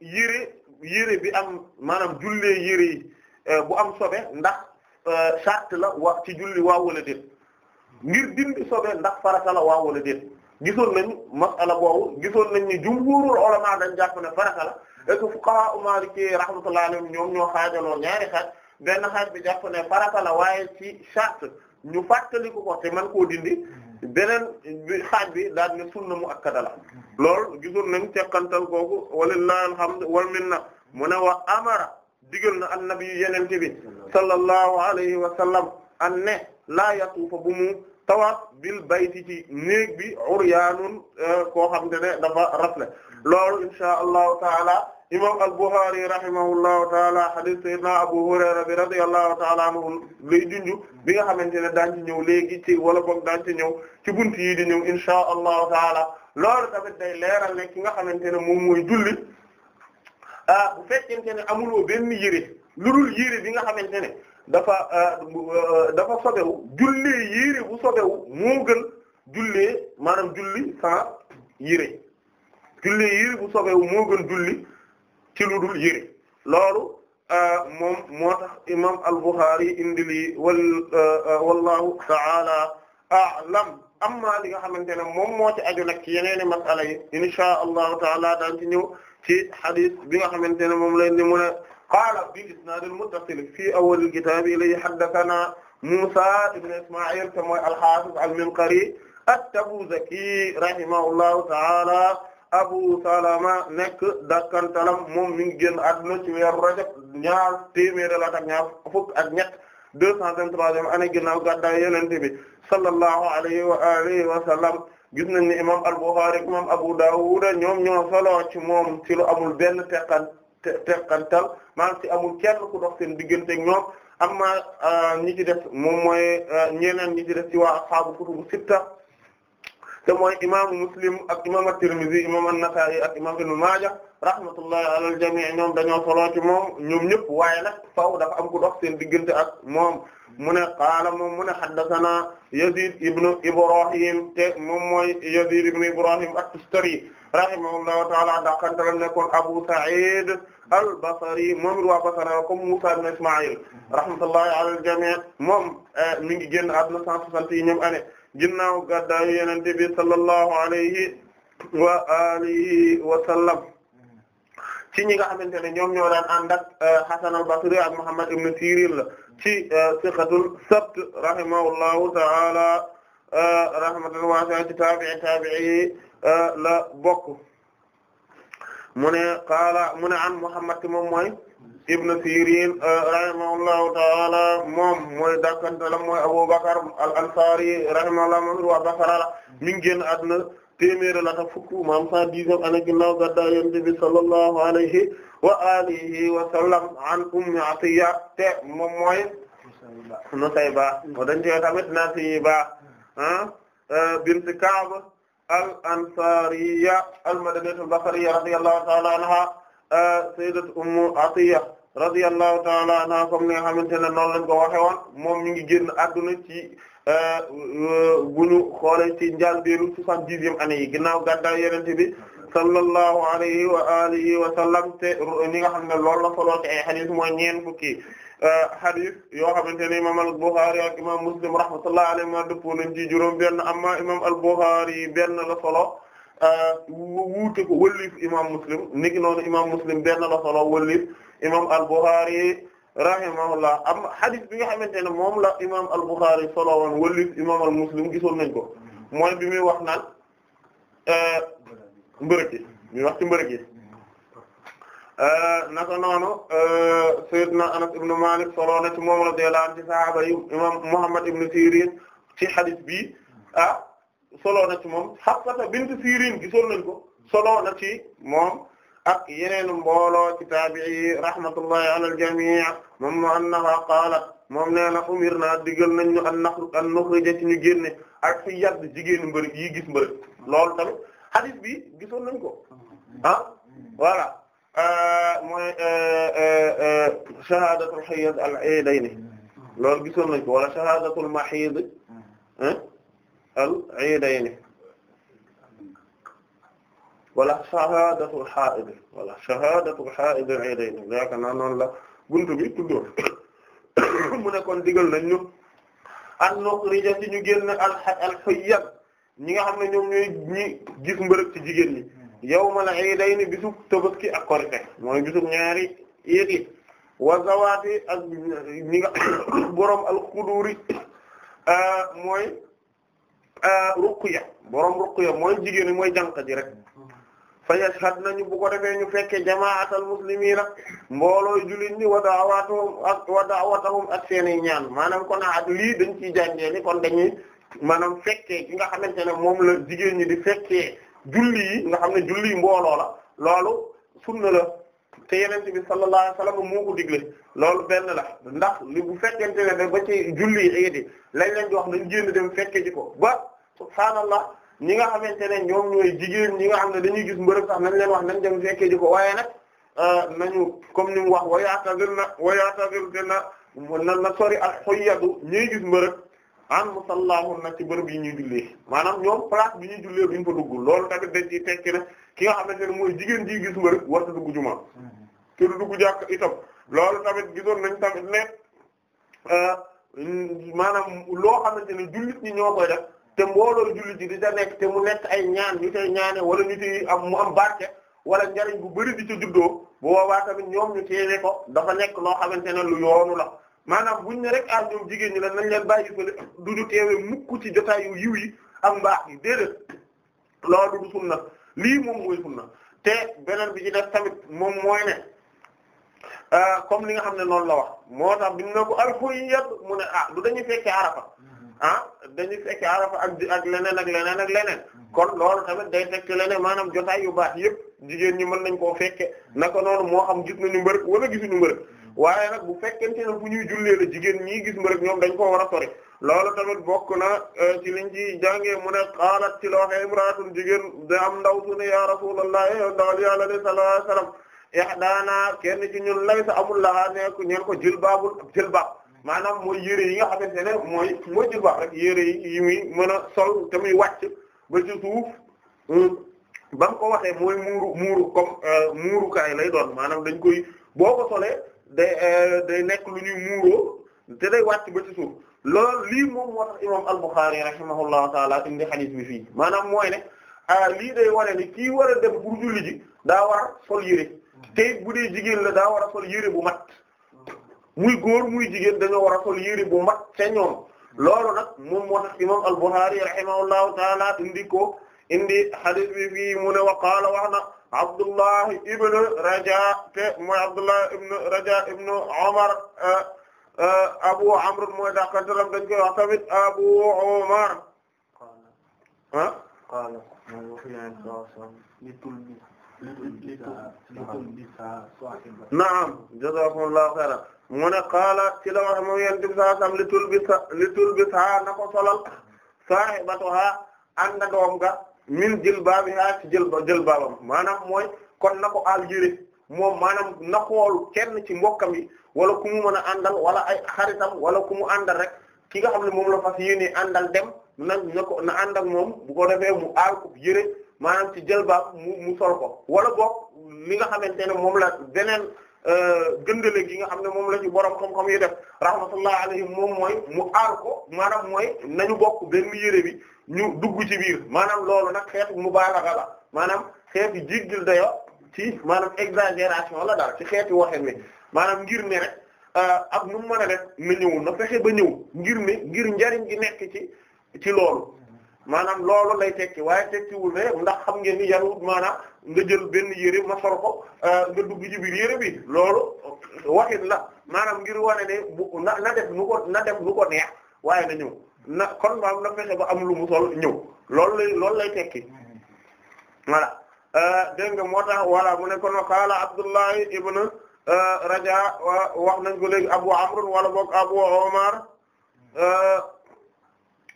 yére yére bi am maanaam jullee yére yi bu am sobe ndax Euh, sart la wax ci julli waaw wala déet ngir dindi sobe ndax farata la waaw wala gisoon nañ masala boobu gisoon nañ ni jumhuurul ulama dañ jàpp ne farata la et que fuqaha maliki rahmatullahi alayhim ñoom ñoo xaajaloo ñaari xaaj benn xaaj bi jàpp na farata la waaye ci sart ñu fàttali ko ko te man ko dindi beneen xaaj bi daal ne sunna mu akkada la loolu gisoon nañ tekkantal googu walillahi alhamdu wal minna mu ne wa amara digal na annabi yenente bi sallallahu alayhi wa sallam an ne yatuufa bu mu tawaaf bil bayti ci néeg bi uryaanun euh, koo xam te ne dafa rafle loolu inshaa allahu taala imam al-Bukhari rahimahullahu taala hadith sayyidina Abu Hurayra bi radiyallahu taala anhu lay junju bi nga xamante ne daan ci ñëw léegi ci wala boog daan ci ñëw ci buntu yi di ñëw inshaa allahu taala loolu tamit day leeral ne ki nga xamante ne moom mooy julli ah bu fekkente ne amuloo benn lu dul yére bi nga xamante ne dafa euh, dafa sobewu julli yére bu sobewu moo gën jullee maanaam julli sans yére jullee yére bu sobewu moo gën julli ci lu dul yére loolu euh, moom moo tax imam al indi lii wal euh, wallahu ta'ala a'lam amma li nga xamante ne moom moo ci aju nag ci yeneeni masala yi insha allahu taala daan ci ñëw ci hadith bi nga xamante ne moom lay ni mu ne qaala bi isnaadil muttasil fii awwalil kitaab ilayhi haddathanaa Muusaa ibn Ismaa'iil te mooy al-Haafiz al-Minqari at-Tabuzaki rahimahullahu ta'aala Abu Salama nekk dakkantalam moom mi ngi génn àdduna ci weeru Rajab ñaar téeméeri la ak ñaar fukk ak ñett deux cent vingt-troisième année ginnaaw gàddaay Yonent bi sallallahu alayhi wa alihi wa sallam gis nañ ne imaam al-Bukhari imaam Abu Dawud ñoom ñoo solo ci moom ci lu amul benn teqan teqantal maanaam ci amul kenn ku dox seen diggante ak ñoom amma euh, ñi ci def moom mooy euh, ñeneen ñi ci def waa ashaabu kutubu sitta te mooy imaamu muslim ak imaam at-Tirmidhi imaam an-Nasa'i ak imaam ibn Maaja rahmatullahi ala al ñoom dañoo solo ci waaye nag faaw dafa am ku dox seen ak moom mu ne qaala moom mu ne haddathana Yazid ibn Ibrahim te moom mooy Yazid ibn Ibrahim at-Tustari rahimahullahu ta'ala daqantalam nekkoon Abu Sa'id al-Basri moom it waa Basra comme Musa ibn Isma'il rahmatullahi ala al-jami' moom eh, mi ngi génn àdduna cent soixante yi ñoom année ginnaaw gàddaayu Yonent bi sallallahu alayhi wa alihi wa sallam ci ñi nga xamante ne ñoom ñoo daan ànd ak eh, Hasan al-Basri ak Muhammad ibn Sirin la ci eh, siqatul sabt rahimahullahu ta'ala rahmatan wasi'a ci tabi'i tabi'i Euh, la bokk mu ne qaala mu ne an Muhammad moom mooy ibn Sirin euh, rahimahullahu taala moom mooy dakkantalam mooy Abu Bakr al-Ansari rahimahullah moom wa Basra la mi ngi génn àdduna fukk maam cent dixième année ginnaaw gaddaa yonent bi alayhi wa alihi wa sallam an Ummi Atiyya te moom mooy Nusayba o dañ ci tamit Nasiba ah euh, al ansariya al madaniyya al basriya radiyallahu ta'ala anha euh, sayyidat ummu atiya radiyallahu ta'ala anha comme ni nga xamante ne noonu lañ ko waxe woon moom mi ngi génn adduna ci euh, bu ñu xoolee ci njàlbéenu soixante-dixième année yi ginnaaw gàddaay yonent bi sallallahu alayhi wa alihi wa sallam te ni nga xam ne loolu la solo ci fukki Euh, hadith yoo xamante ne imam al-Bukhari ak imam Muslim rahmatullahi alayhi ma dëppoo nañ ci juróom benn amma imam al-Bukhari benn la solo euh, wuute ko wëllif imam Muslim niki noonu imam Muslim benn la solo wëllif imam al-Bukhari rahimahullah am hadith bi nga xamante ne moom la imam al-Bukhari solo woon wëllif imam al-Muslim gisoon nañ ko mooy bi muy wax naan euh, mbërëg yi muy wax ci mbërëg yi Eh, naka noonu eh, Seydina Anas ibn Malik solo na ci moom radiyallahu anhu ci sahaaba yi imam Muhammad ci hadith bi ah solo na ci moom Hafsa bint Sirin gisoon nañ ko solo na ci moom ak yeneen mbooloo ci taabi'i rahmatullahi ala al-jami' moom mu annaha qaalat moom nee na umirna digal nañ di an nax an nuxrija ci ñu génne ak fi yàgg jigéenu mbërëg yi gis mbërëg lool tamit hadith bi gisoon nañ ko ah voilà Ah, mooy eh, eh, eh, shahadatul hayd al aydayni loolu gisoon nañ ko wala shahadatul mahid al aydayni wala shahadatul haid wala shahadatul haid al aydayni yaakaar naa noonu la buntu bi tuddoon mu ne kon digal nañ ñu an nuxrija ci ñu génn al al hayyat ñi nga xam ne ñoom ñooy ñi gis mbërëg ci jigéen ñi yawmal iidayni bisub Tabaski ak Korite mooy bisub ñaari yéet yi ñaari zawaati ak ñi nga borom al-quduri euh, mooy euh, ruqya borom ruqya mooy jigéen mooy jànq ji rek fa yashhadna ñu bu ko defee ñu fekke jama'atal muslimina mbooloo jullit ñi wa da'watuhum ak wa da'watuhum ak seeni ñaan maanaam kon ak lii dañ ciy jàngee ni kon dañuy maanaam fekkee ki nga xamante ne moom la jigéen ñi di fekkee. julli yi nga xam ne julli mbooloo la loolu sunna la te yenente bi sallallahu alayhi wasallam moo ko digle loolu benn la ndax li bu fekkente ne ba ci julli yi di lañ leen di wax nañ génn dem fekke ji ko ba subhaanallah ñi nga xamante ne ñoom ñooy jigéen ñi nga xam ne dañuy gis mbërëb na nañ leen wax nañ dem fekke ji ko waaye nag euh, nañu comme ni mu wax wayaatagir na wayaatagir a na na na sori ak xoyyadu ñuy gis mbërëb an musallahun na ci bërëb yi ñu jullee maanaam ñoom place bi ñu jullee duñ fa dugg loolu tamit dañ ciy tekki na ki nga xamante ne mooy jigéen ji gis mbërëg warta dugg juma te du dugg jàkk itam loolu tamit gisoon nañ tamit ne euh, maanaam loo xamante ne jullit ñu ñoo koy def te mbooloo jullit ji di ca nekk te mu nekk ay ñaan ñu tey ñaane wala ñu tey am mu barke wala njariñ bu bëri di ca juddoo bu boobaa tamit ñoom ñu teewee ko dafa nekk loo xamante ne lu yoonu la maanaam buñ ne rek ah jigéen ñi la nañ leen yu bàyyi fële du ñu teewee mukk ci jotaayu yiw yi ak mbaax yi déedéet loolu du sunna lii moom mooy sunna te beneen bi ci def tamit moom mooy ne euh, comme li nga xam ne noonu la wax moo tax biñ ne ko alxuriyat mu ne ah du dañuy fekke arafa ah, dañuy fekke arafa ak ak leneen ak leneen ak leneen kon loolu tamit day fekk leneen maanaam jotaay yu baax yëpp jigéen ñi mën nañ koo fekke naka noonu moo xam gis nañu mbërëk wala gisuñu mbërëk waaye nag bu fekkente ne fu ñuy jullee la jigéen ñii gis nga rek ñoom dañ koo war a sori loolu tamit bokk na euh, ci liñ ci jàngee mu ne xaalat ci la waxe jigéen da am ndaw su ne ya rasulullah yow ndawal yàlla de sallallahu alayhi wasallam ihdaana kenn ci ñun lay amul laa nekk ñeen ko jilbaabul ba maanaam mooy yére yi nga xamante ne mooy mooy jilbaab rek yére yi muy mën a sol te muy wàcc ba ci suuf hmm. ba mu ko waxee mooy muuru muuru comme euh, lay doon maanaam dañ koy boo ko solee day euh, day nekk lu ñuy muuroo te day wàcc ba ci lii moom moo tax imam al-Bukhari rahimahullahu taala indi hadith bi fii maanaam mooy ne euh, lii day wane ni kii war a dem pour julli daa war a sol yére te bu dee jigéen la daa war a sol yére bu mat muy góor muy jigéen dañoo war a sol yére bu mat te ñoom loolu nag moom moo tax imam al-Bukhari rahimahullahu taala indi ko indi hadith bi fii mu ne wa Abdullah ibn Raja te mooy Abdullah ibn Raja ibn Omar eh, eh, Abu Amr mooy dàqantalam dañ koy wax tamit Abu Omar ah qaala naam jazakumullahu khairan mu ne qaala ci la wax moom yéen tamit saa sam li tulbisa li tulbisa na ko solal saahibatuha àndandoom ga jël min jilbaabiha ci jël jëlbaabam maanaam mooy kon na ko aal yére moom maanaam na xool kenn ci mbokkam yi wala ku mu mën a àndal wala ay xaritam wala ku mu àndal rek ki nga xam ne moom la fas yéenee àndal dem na na ko na ànd ak moom bu de defee mu aal ko yére maanaam ci jëlbaab mu mu sol ko wala boog li nga xamante ne moom la beneen. Euh, gëndale gi nga xam ne moom la ci borom xam-xam yi def rahmatullahi alayhim moom mooy mu aar ko maanaam mooy na ñu bokk benn yére bi ñu dugg ci biir maanaam loolu nag xeetu mubaalaga la maanaam xeetu jiggil dayo ci maanaam exageration la daal ci xeeti waxen mi maanaam ngir ne rek euh, ak nu mu mën a def na ñëw na fexe ba ñëw ngir ne ngir njariñ gi nekk ci ci loolu maanaam loolu lay tekki waaye tekkiwul ne ndax xam ngeen ni yaruwut maanaam nga jël benn yére ma sol ko euh, nga dugg ci yére bi loolu waxit la maanaam ngir wane ne bu na na def nu ko neex waaye na ñëw na kon maam na fexe ba am lu sol ñëw loolu lay loolu lay tekki voilà euh, dégg nga moo tax wala mu ne kon qaala Abdullahi ibn euh, Raja wax nañ ko léegi Abu Amr wala boog Abu Omar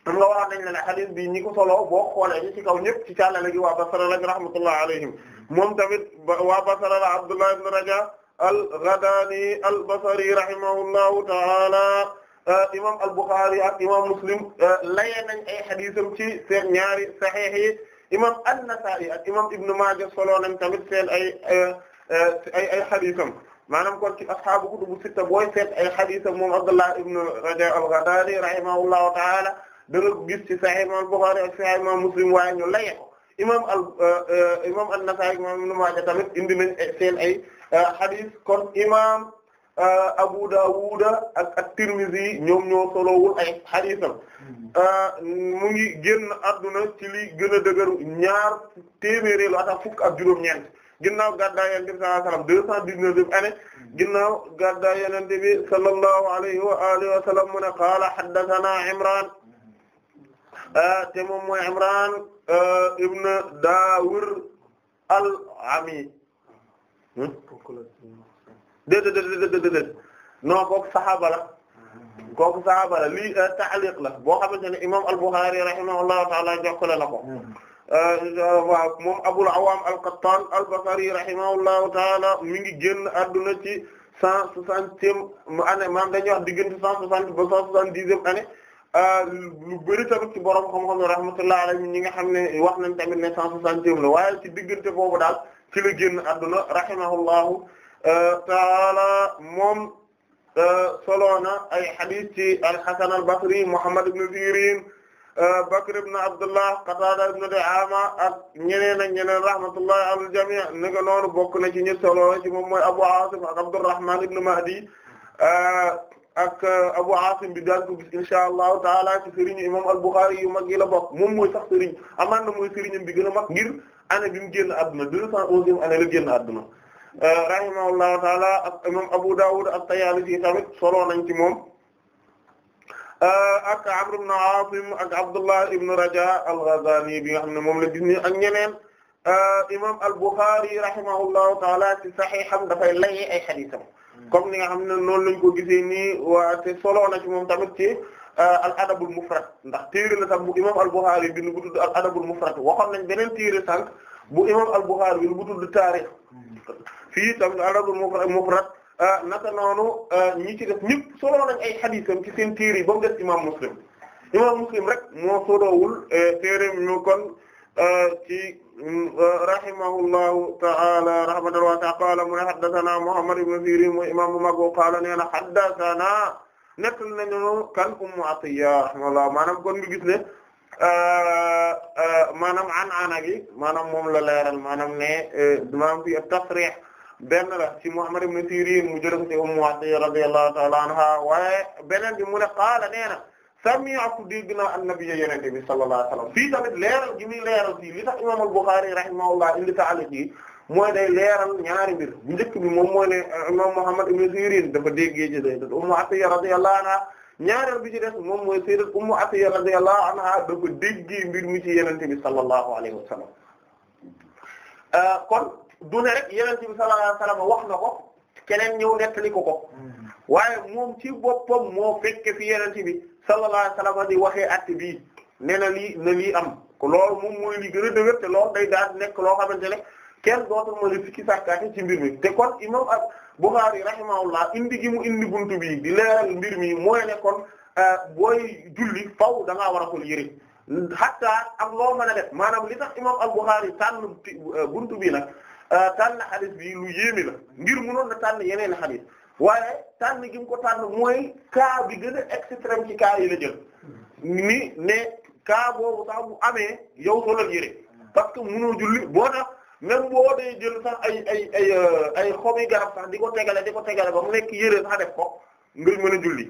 xam nga waxoon nañ la ne xadis bi ñi ko solo boo xoolee ñi ci kaw ñëpp ci càllale gi waa Basra la rahmatullah alayhim moom tamit waa Basra la Abdullah ibn Raja al-Ghadani al-Basri rahimahullahu ta'ala imam al-Bukhari ak imam Muslim layee nañ ay xadisam ci seen ñaari saxiix yi imam an-Nasa'i ak imam Ibn Maaja solo nañ tamit seen ay ay ay xadisam maanaam kon ci ashaabu kutubu sitta booy seet ay xadisam moom Abdullah ibn Raja al-Ghadani rahimahullahu ta'ala dana gis ci Sahih imam Bukhari ak Sahih imam Muslim waaye ñu laye ko imam al euh, euh, imam an-Nasa'i imam Ibn Maaja tamit indi na seen ay euh, hadith kon imam Abu Dawud ak at-Tirmidhi ñoom ñoo solowul ay mu ngi génn adduna ci li gën a dëgëru ñaar téeméeri lu ata fukk ak juróom-ñeent ginnaaw gàddaay Yonent bi sallallahu alayhi wa alayhi wa alihi mu ne qaala haddathana Imran Ah, te moom mooy Imran ah, ibn Dawur al-Ami hmm? déedéet déedéet déedéet non kooku saxaaba la kooku saxaaba la lii ah, ta'liq la boo xamante ne imaam al-Bukhari rahimahullahu ta'ala jokkale na ko. waaw moom Abul Awaam al-Qattaan al-Basri rahimahullahu ta'ala mi ngi génn adduna ci cent soixantième année maanaam dañuy wax diggante cent soixante ba cent soixante-dixième année. Ah, lu bëri tamit ci borom xam-xam ne rahmatullahi alayhi ñi nga xam ne wax nañ tamit ne cent soixantième la waaye ci diggante boobu daal ci la génn adduna rahimahullahu ah, taala moom ah, solo na ay hadith ci al-Hasan al-Basri Muhammad ibn Sirin Bakr ibn Abdullah Qatada ibn Di'ama ak ñeneen ak ñeneen rahmatullahi ala al-jami' ni nga noonu bokk na ci ñu solo ci moom mooy Abu Asim ak Abdurrahman ibn Mahdi ak euh, Abu Asim bi daal ko gis insha allahu taala ci sëriñu imam al-Bukhari yu mag yi la bokk moom mooy sax sëriñ amaan na mooy sëriñam bi gën a mag ngir année bi mu génn adduna deux cent onzième année la génn adduna euh, rahimahullahu taala ak imam Abu Dawud at-Tayalisi tamit solo nañ ci moom euh, ak Amr ibn Asim ak Abdullah ibn Raja al-Ghazali bi nga xam ne moom la gis ni ak ñeneen imam al-Bukhari rahimahullahu taala ci saxiixam dafay layee ay xadiisam comme ni nga xam ne noonu lañ ko gisee nii waa te solo na ci moom tamit ci euh, al adabul mufrad ndax téere la sax bu imam al Bukhari bind bu tudd al adabul mufrad waxoon nañ beneen téere sànq bu imam al Bukhari bind bu tudd taarix fii tamit al adabul mufrad mufrad euh, naka noonu euh, ñi ci def ñëpp solo nañ ay xadiisam ci seen téere yi ba mu des imam muslim imam muslim rek moo soloowul téere ñu kon ci rahimahullahu ta'ala rahmatan wasi'a qaala mu ne haddathana Muhammad ibn Sirin mooy imaam bu mag boo qaala nee na haddathana nettali nañu kan Ummu Atiyya rahimahullah maanaam kon ngi gis ne euh, euh, maanaam an-ana gi maanaam moom la leeral maanaam ne euh, maanaam fi at-tasrih benn la ci Muhammad ibn Sirin mu jël ko ci Ummu Atiyya radiyallahu ta'ala anha waaye beneen bi mu ne qaala nee na sami'tu dégg naa annabiyya yenente bi sallallahu alayhi wasallam fii tamit leeral gi muy leeral fii li tax imam al-Bukhari rahimahullah indi taala mooy day leeral ñaari mbir bu njëkk bi moom mooy ne euh, imam Muhammad ibn Sirin dafa déggee ci day Ummu Atiyya radiyallahu anha ñaareel bi ci des moom mooy sayyidat Ummu Atiyya radiyallahu anha dafa déggee mbir mi ci yenente bi sallallahu alayhi wasallam euh, kon du ko keneen ñëw nettali ko ko hmm. waaye moom ci boppam moo fekke fi yenente bi sallallahu alayhi wasallam di waxee acte bii nee na lii na lii am loolu moom mooy li gën a dëgër te loolu day daal nekk loo xamante ne kenn dootul mën a fikki sàkkaate ci mbir mi te kon imam ak Bukhari rahimahullah indi gi mu indi buntu bii di leeral mbir mi mooy ne kon euh, booy julli faw da ngaa war a ko yëre hatta ak loo mën a def maanaam li tax imam al-Bukhari tànn euh, buntu bii nag euh, tànn xadis bi lu yéeme la ngir mënoon na tànn yeneen xadis waaye tànn gi mu ko tànn mooy cas bi gën a extrême ci cas yi la jël ni ne cas boobu sax bu amee yow solal yére parce que mënoo julli boo na même boo dee jël sax ay ay ay euh, ay xobi garab sax di ko tegale di ko tegale ba mu nekk yére sax def ko ngir mën a julli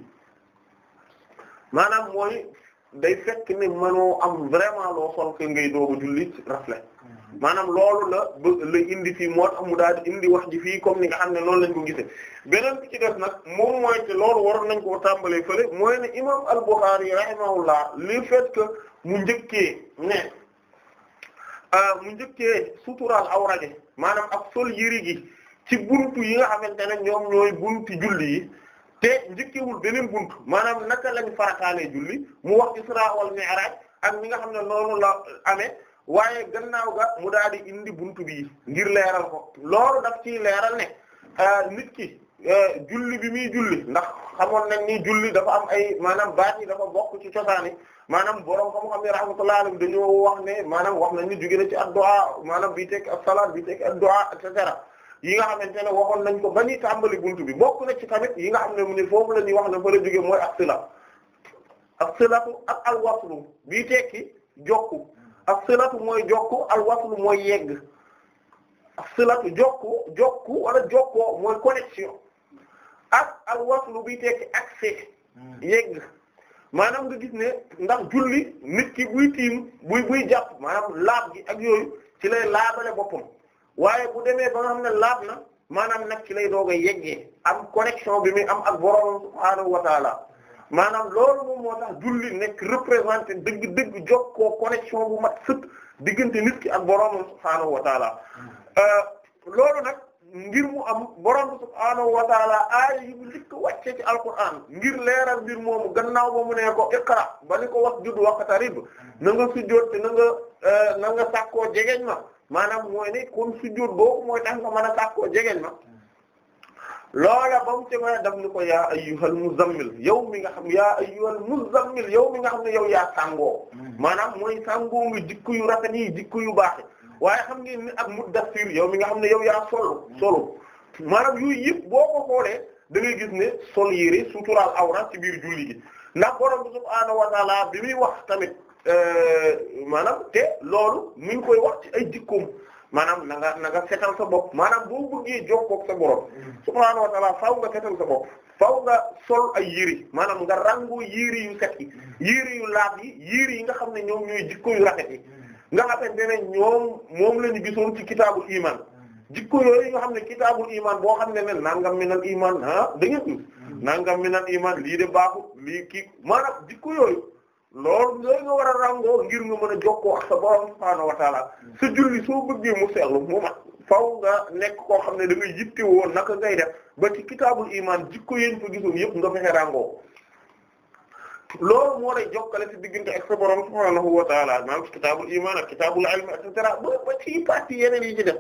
maanaam mooy day fekk ne mënoo am vraiment loo sol que ngay doog a julli raflet maanaam loolu la la indi fii moo tax mu daal indi wax ji fii comme ni nga xam ne loolu lañ ngi gisee beneen bi ci def nag moom mooy te loolu waroon nañ koo tàmbalee fële mooy ne imam al-Bukhari rahimahullah le fait que mu njëkkee ne euh, mu njëkke suturaal awra gi maanaam ak sol yëri gi ci buntu yi nga xamante ne ñoom ñooy buntu julli yi te njëkkewul beneen buntu maanaam naka lañ farataalee julli mu wax Isra wal ak ñi nga xam ne noonu la amee waaye gannaaw ga mu daal di indi buntu bi ngir leeral ko loolu daf ci leeral ne euh, nit ki euh, julli bi muy julli ndax xamoon nañ ni julli dafa am ay maanaam baat yi dafa bokk ci cosaani maanaam borom xam-xam yi rahmatullahi alayhi dañoo wax ne maanaam wax nañ ni jóge na ci addu'a maanaam bii teg as-salaat bii teg addu'a et cetera yi nga xamante ne waxoon nañ ko ba ñuy tàmbali buntu bi bokk na ci tamit yi nga xam ne mu ne foofu la ñuy wax ne fa la jóge mooy as-silaat as-silaatu ak al-waslu bii tekki jokku as-silatu mooy jokku al mooy yegg as-silatu jokk jokku wala jokkoo mooy connexion ak al-waslu bi tekki accès yegg maanaam nga gis ne ndax julli nit ki buy tiim buy buy jàpp maanaam laab gi ak yooyu ci lay laabale boppam waaye bu demee ba nga xam ne laab na maanaam nag ci lay doog a yeggee am connexion bi muy am ak borom subhaanahu wa maanaam loolu moom moo tax julli nekk représenté dëgg-dëgg jokkoo connexion bu mat sëkk diggante nit ki ak boroomam subhaanahu wa taala euh, loolu nag ngir mu am boroom subhaanahu wa taala aaya yi mu likk wàcce ci alquran ngir leeral mbir moomu gannaaw ba mu ne ko iqra ba ni ko wax judd waqtarib na nga sujjóot te na nga euh, na nga sàkkoo jegeñ ma maanaam mooy ne kon sujjóot boobu mooy tax nga mën a sàkkoo jegeñ ma loola ba mu ci mën a def ni ko yaa ayyuhal muzammil yow mi nga xam yaa ayyuhal muzammil yow mi nga xam ne yow yaa sàngoo hmm. maanaam mooy sàngoo nga jikko yu rafet ni jikko yu baax waaye xam ngeen ni ak muddassir yow mi nga xam ne yow yaa solo hmm. solo maanaam yooyu yëpp boo ko xoolee da gis ne sol yére suturaal awra ci biir julli gi ndax borom bi subhaanahu wa ta'ala bi muy wax tamit euh, maanaam te loolu mu koy wax ci ay jikkoom maanaam na nga na nga fetal sa bopp maanaam boo bëggee jokkoog sa borom subhaanahu wa faw faaw nga fetal sa bopp faaw nga sol ay yiri maanaam nga rangu yiri yu set yi yiri yu laab yi yiri yi nga xam ne ñoom ñooy jikko yu rafet yi nga xamante ne ñoom moom la ñu gisoon ci kitaabul iman jikko yooyu nga xam ne kitaabul iman boo xam ne ne nangam minal iman ah da ngeen nangam minal iman lii de baaxu lii kii maanaam jikko yooyu loolu yooyu nga war a ràngoo ngir nga mën a jokkoo ak sa borom subhaanahu wa taala sa julli soo bëggee mu seetlu mu mat faaw nga nekk koo xam ne da ngay yittewoo naka ngay def ba ci kitaabul iman jikko yéen fa gisoon moo lay jokkale ak sa borom subhaanahu wa taala maanaam ci kitaabul iman ak yeneen yi ci def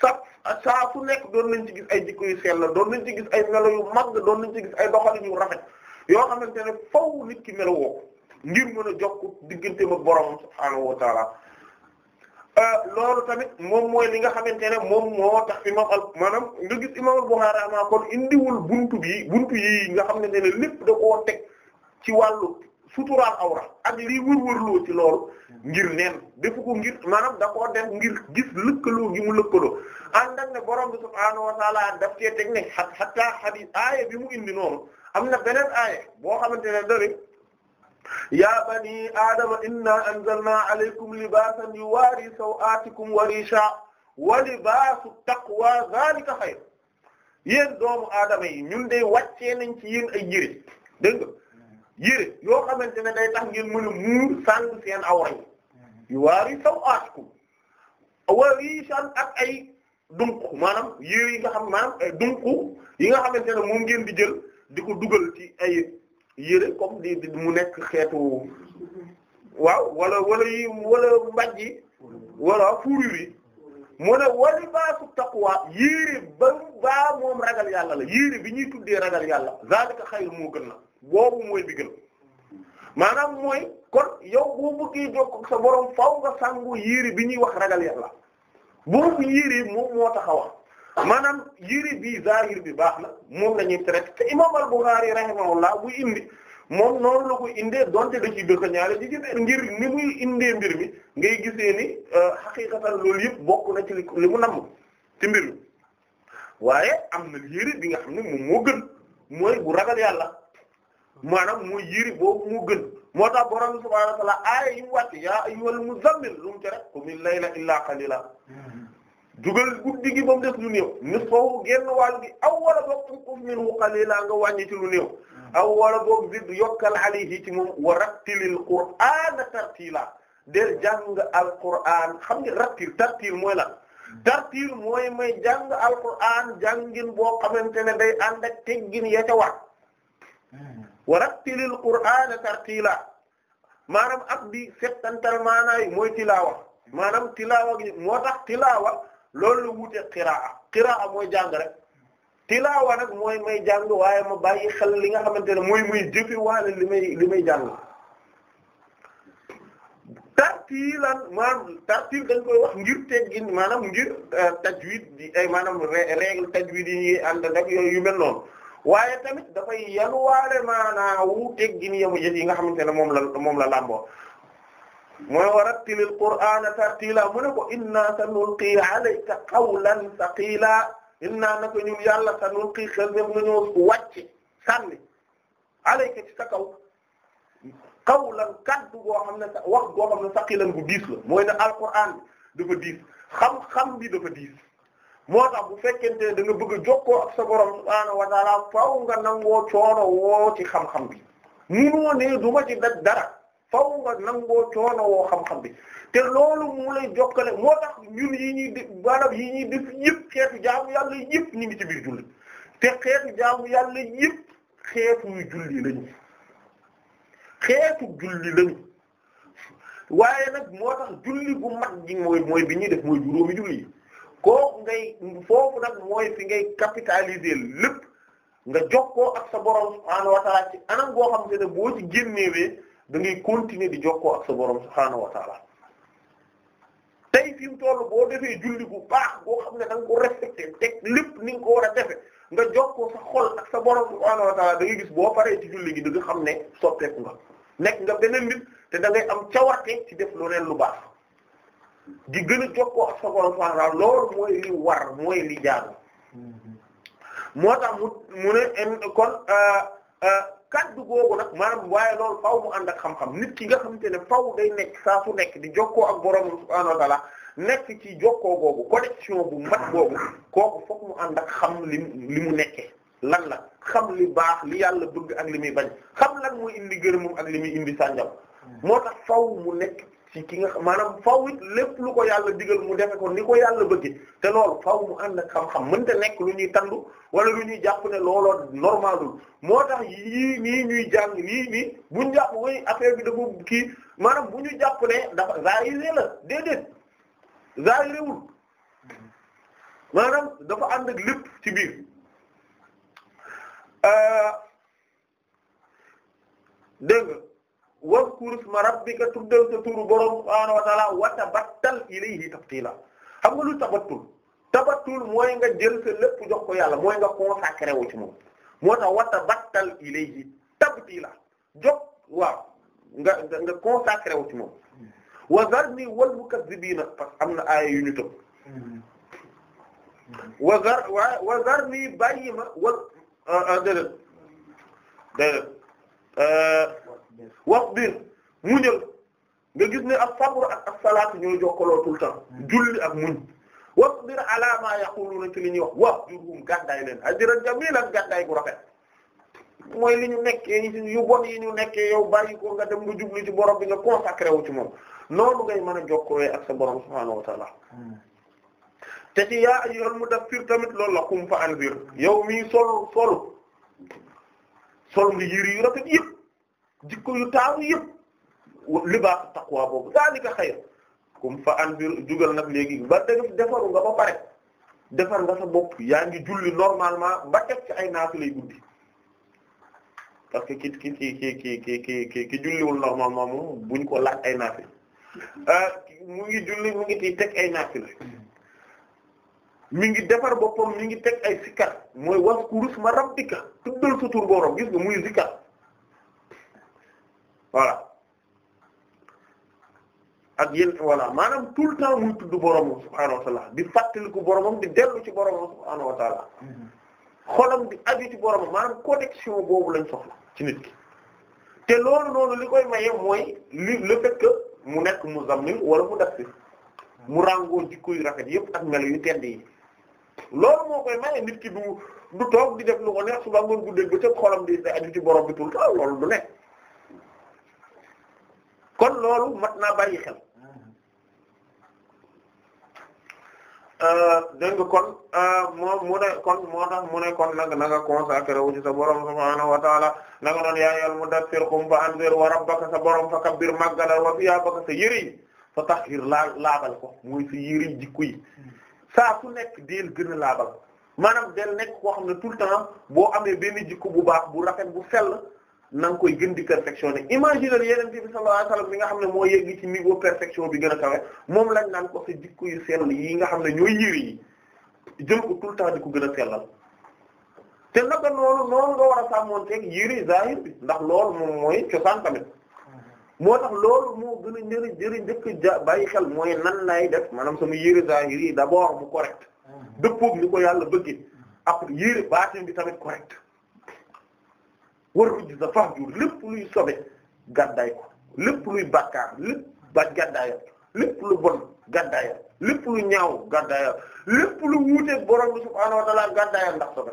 sa saa su nekk doon nañ ci gis ay jikko yu sell doon nañ ci ay melo yu mag doon nañ ci gis ay doxalin yu rafet yoo xamante ne fow nit ki melowoo ngir mën a jokk diggante ak borom subhaanahu wa euh, loolu tamit moom mooy li nga xamante ne moom moo tax imam al maanaam nga gis imam al Bukhari ama kon indiwul buntu bi buntu yi nga xam ne lépp da koo teg ci wàllu suturaal awra ak lii wër-wërloo loolu ngir neen defu ko ngir maanaam da koo def ngir gis lëkkaloo gi mu lëkkaloo ànd ak ne borom bi subhaanahu wa daf cee teg ne xat xataa xadiis bi mu indi noonu am na beneen aaya boo xamante ne dara yaa bani aadama inna anzalna alaykum libaasan yuwaari saw'aatikum wa riisha wa libaasu taqwa zaalika xayr yéen doomu aadama yi ñun de wàccee nañ ci yéen ay yére dégg nga yére yoo xamante ne day tax ngeen mën a muur sàng seen awra yi yuwaari saw'aatikum wa riishan ak ay dunq maanaam yére yi nga xam maanaam ay dunq yi nga xamante ne moom ngeen di jël di ko dugal ci ay yére comme di mu nekk xeetu waaw wala wala yi wala mbaj yi wala fuuru yi mu ne wali baasu taqwa yére ba baa moom ragal yàlla la yére bi ñuy tuddee ragal yàlla zalika xayr moo gën la boobu mooy bi gën maanaam mooy kon yow boo bëggee jokk sa borom faw nga sangu yére bi ñuy wax ragal yàlla boobu yére moom moo tax a wax maanaam yëri bi zahir bi baax na moom la ñuy traité te imam al-Bukhari rahimahullah bu indi moom noonu la ko indee donte da ciy dëkk ñaare ci gis ngir ni muy indee mbir mi ngay gisee ni euh, xaqiqatan loolu yëpp bokk na ci li mu namm ci mbir mi waaye am na yëri bi nga xam ne moom moo gën mooy bu ragal yàlla maanaam mooy yëri boobu moo gën moo tax borom subhaanahu wa ta'aala aaya yi mu wàcc yaa ayyuhal muzzammil lu mu tere qumil layla illaa qaliila dugal guddi gi ba mu def lu néew ni soow genn wàll gi aw wala boog tunqus minhu qalilan nga wàññi ci lu néew hmm. aw wala boog zid yokkal alayhi ci moom wa rattilil qur'ana tartila del jàng alqur'an xam nga rattil tartil mooy la hmm. tartil mooy may jàng alqur'an jàngin boo xamante ne day ànd ak teggin ya ca war hmm. wa rattilil qur'ana tartila maanaam ak di settantal maanaay mooy tilaawa maanaam tilaawa gi moo tax tilaawa loolu la wuuteeg qiraa qiraa mooy jàng rek tilaawa nag mooy may jàng waaye ma bàyyi xel li nga xamante ne mooy muy jëfi waale li may li may jàng tartiilan maanaam tartiil dañ koy wax ngir teggin maanaam ngir euh, tajwid di ay maanaam règle tajwid yi ñuy ànd ak yu mel noonu waaye tamit dafay yanuwaale maanaa wu teggin yamu jëf yi nga xamante ne moom la moom la làmboo mooy warattilil qur'aana tartiila mu ne ko inna sanulqi alayka qawlan saqiila inna nako ñun yàlla sanulqi xel ne mu ñoo wàcc sànni alayka ci sa kaw qawlan kaddu goo xam ne wax goo xam ne saqiilan bu diis la mooy ne alqur'aan bi dafa diis xam-xam bi dafa diis moo tax bu fekkente ne da nga bëgg a jokkoo ak sa borom subhaanahu wa taala faaw nga nangoo coono woo ci xam-xam bi munoo ne duma ci daj dara faw nga nangoo coono woo xam-xam bi te loolu mu lay jokkale moo tax ñun yi ñuy def maanaam yi ñuy def yëpp xeetu jaamu yàlla ñu ngi ci biir julli te xeetu jaamu yàlla yëpp xeetu julli lañu xeetu julli lañu waaye nag moo tax julli bu mag gi mooy bi ñuy def mooy juróomi julli yi kooku ngay foofu nag mooy fi ngay capitaliser lépp nga jokkoo ak sa borom subhaanahu wa ta'ala ci anam goo xam te ne boo ci génnewee da ngay continuer di jokkoo ak sa borom subhaanahu wa taala tey fi mu toll boo defee julli bu baax boo xam ne da ko respecté te lépp ni ko war a defe nga jokkoo sa xol ak sa borom subhaanahu wa taala gis boo paree ci julli gi da nga xam ne soppeeku nga nekk nga beneen nit te dangay am cawarte ci def lu leen lu baax di gën a jokkoo ak sa borom subhaanahu wa taala loolu mooy li war mooy li jaadu mm-hmm. moo tax mu mu ne kon. Euh, euh, kaddu googu nag maanaam waaye loolu faaw mu ànd ak xam-xam nit ki nga xamante ne faaw day nekk saa su nekk di jokkoo ak borom subhaanahu wa ta'aala nekk ci jokkoo googu connexion bu mat boobu kooku fokk mu ànd ak xam li li mu nekkee lan la xam li baax li yàlla bëgg ak li muy bañ xam lan muy indi gërëmam ak li muy indi sànjam hmm. moo tax faaw mu nekk ci ki nga faw it lépp lu ko yàlla digal mu defe ko ni ko yàlla bëgge te loolu faw mu ànd ak xam-xam mënta nekk lu ñuy tandu wala lu ñuy jàpp ne looloo normalul moo tax yii nii ñuy jàng nii nii buñ jàpp mooy affaire bi dafa kii maanaam bu ñu jàpp ne dafa zaahiré la déedéet zaahiréwul dafa ànd ak lépp ci biir euh, dégg nga wazkur isma rabbika tuddal sa turu borom subhaanahu wa ta'aala wa tabattal ilayhi tabtila xam lu tabattul tabattul mooy nga jël sa lépp jox ko yàlla mooy nga consacré wu ci moom moo tax wa tabattal ilayhi tabtila jox waaw nga nga consacré wu moom wa zarni wal mukazzibiina parce que am na aaya yu wa zar wa wa zarni bàyyi ma wal ah, ah, déedéet déedéet euh, wasbir muñal nga gis ne ak sabr ak ak salaatu ñoo jokkaloo tout le temps hmm. julli ak muñ wasbir ala ma yaquluna ci li ñuy wax wahjurhum gàddaay leen ajran jamilan gàddaay gu rafet mooy li ñu nekkee yu bon yi ñu nekkee yow bàyyi ko nga dem nga jublu ci borom bi nga consacré wu ci moom noonu ngay mën a ak sa borom subhaanahu wa ta'ala hmm. te ci yaa ayyuhal mudaffir tamit lool la kum fa anzir yow mii sol solu sol nga yëri yu rafet yëpp jikko yu taaru yëpp libaasu taqwa boobu zalika xayr comme fa andir jugal nag léegi ba dégg defaru nga ba pare defar nga sa bopp yaa ngi julli normalement ba teg ci ay naatu lay que ki ki ki ki ki ki ki ki julliwul normalement moom buñ ko laaj ay naatu euh, mu ngi julli mu ngi ciy teg ay naatu la ngi defar boppam mu ngi teg ay sikar mooy wasku rusma rabbika tuddal sutur borom gis nga muy zikar voilà ak yéen voilà maanaam tout le temps muy tudd boromam subhaanahu wa di fàttaliku boromam di dellu ci boromam subhaanahu wa taala mm-hmm. xolam di aju ci boromam maanaam connexion boobu lañ soxla ci nit ki te loolu noonu li koy maye mooy li le fait mu nekk muzammil wala mu dassir mu ràngoo jikko yu rafet yépp ak melo yu tedd yi loolu moo koy maye nit ki du du toog di def lu ko neex suba ngoon guddeeg ba tëb xolam di aju ci borom bi tout le temps loolu du nekk. kon loolu mat naa bari xel euh, dégg nga kon euh, moo mu moo tax mu ne kon nag na nga consacré wu ci sa borom subhaanahu wa taala na nga doon yaayal mudaffir qum fa anzir wa rabbaka sa borom fa kabbir màggalal wa siyaabaka sa yëre yi fa tahhir laabal ko muy sa yëre jikko yi saa su nekk deel gën a laabal maanaam del nekk koo xam ne tout le temps boo amee benn jikko bu baax bu rafet bu sell nang koy gën di perfectionné imaginer yeneen bi sallallahu alayhi wasallam bi nga xam ne moo yegg ci niveau perfection bi gën a kawe moom lañ naan ko sa jikko yu sell yi nga xam ne ñooy yëre yi jël ko tout le di ko gën a sellal te naka noonu noonu nga war a sàmmonteeg yëre zahir bi ndax loolu moom mooy cosaan tamit moo tax loolu moo gën a jër njëriñ njëkk bàyyi xel mooy nan laay def maanaam sama yëre zahir yi d'abord mu correct mm-hmm. dëppoog ni ko yàlla bëggee après yëre baatin bi tamit correct war ruj sa fax jur lépp luy sobe gàddaay ko lépp luy bàkkaar lépp ba gàddaayam lépp lu bon gàddaayam lépp lu ñaaw gàddaayam lépp lu wuuteeg borom bi subhaanahu wa ta'aala gàddaayam ndax sobe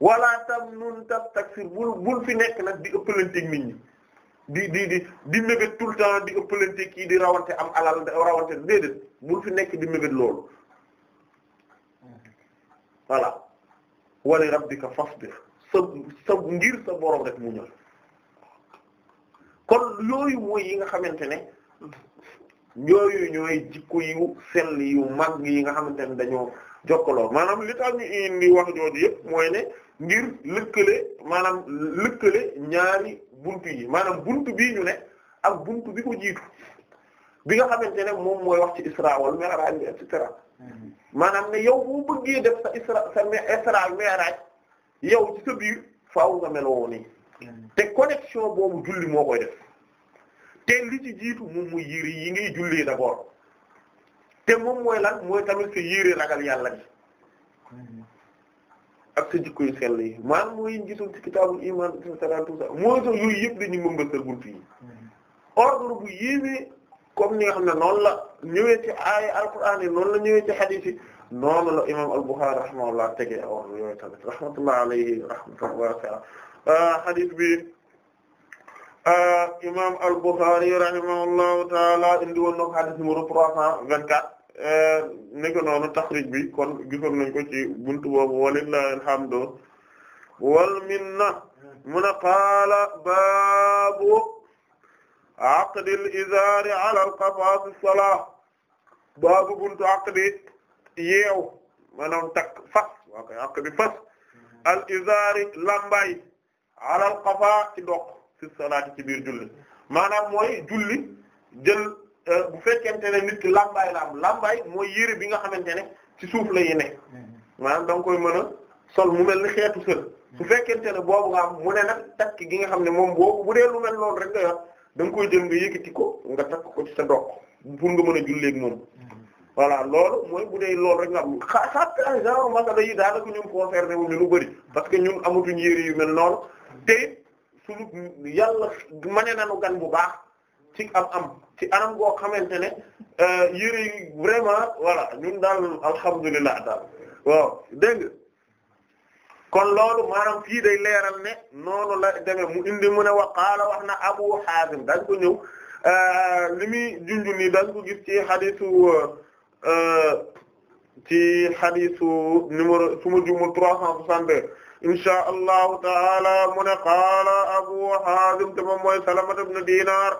wala tam nun taksir bul bul fi nekk nag di ëppalanteeg nit ñi di di di di mébét tout le temps di ëppalanteeg kii di rawante am alal rawante déedéet bul fi nekk di mébét loolu voilà wali rabbika fasbir bi sa ngir sa borom rek mu ñor kon yooyu mooy yi nga xamante ne yooyu ñooy jikko yu sell yu mag yi nga xamante ne dañoo jokkaloo maanaam li tax ñu indi wax jooju yëpp mooy ne ngir lëkkale maanaam lëkkale ñaari bunt yi maanaam buntu bii ñu ne ak bunt bi ko jiitu bi nga xamante ne moom mooy wax ci isra wal mi'raj et cetera maanaam ne yow boo bëggee def sa isra sa isra mi'raj yow ci sa biir faaw nga meloo nii te connexion boobu julli moo koy def te li ci moom muy yére yi ngay jullee d'abord te moom mooy lan mooy tamit sa yére ragal yàlla bi ak sa jikko yu yi maanaam mooy ñu gisul ci kitaabul iman et cetera tout ça mooy sax yooyu yëpp dañuy mën nga sa bunt yi mm-hmm. ordre bu yéeme comme ni nga xam ne noonu la. ñëwee ci ay alquran yi noonu la ñëwee ci hadith yi noonu la imam al-Bukhari rahimahullah tege wax yooyu tamit rahmatullah alayhi rahmatullah wasi'a hadith bi imam al-Bukhari rahimahullahu taala indi woon na ko hadith numéro trois cent vingt-quatre nekk noonu taxrij bi kon gisoon nañ ko ci buntu boobu walillahi alhamdu wal minna mun qaala baabu aqdil izaari ala al-qafaas as-salaa baabu buntu àq bi yeew maanaam takk fas waa koy àq bi fas mm-hmm. al izaari lambay alal xafaa ci doq fi salaati ci biir julli maanaam mooy julli jël euh, bu fekkente ne nit ki lambay la am lambay mooy yére bi nga xamante ne ci suuf la yi ne mm-hmm. maanaam da koy mën a sol mu mel ni xeetu sël su mm-hmm. fekkente ne boobu nga am mu ne takk gi nga xam ne moom boobu bu dee lu mel noonu rek nga yor da nga koy jël nga yëkkati ko nga takk ko ci sa doq pour nga mën a julleeg moom voilà loolu mooy bu dee loolu rek nga am xa xaar genre masala yi daanaka ñun concerné wu ñu lu bari parce que ñun amatuñ yére yu mel noonu te suñu yàlla mane na nañu gan bu baax ci am am ci anam goo xamante ne euh, yére yi vraiment voilà ñun daal alhamdulilah daal waaw dégg kon loolu maanaam fii day leeral ne noonu la demee mu indi mu ne wa qaala wax na Abu Haazim daal ko ñëw. Euh, li muy junj nii dañ ko gis ci xadisu euh, ci xadisu numéro suma jumul trois cent soixante-deux insha allahu taala mu ne qaala abu hazim te moom mooy salamata ibn dinar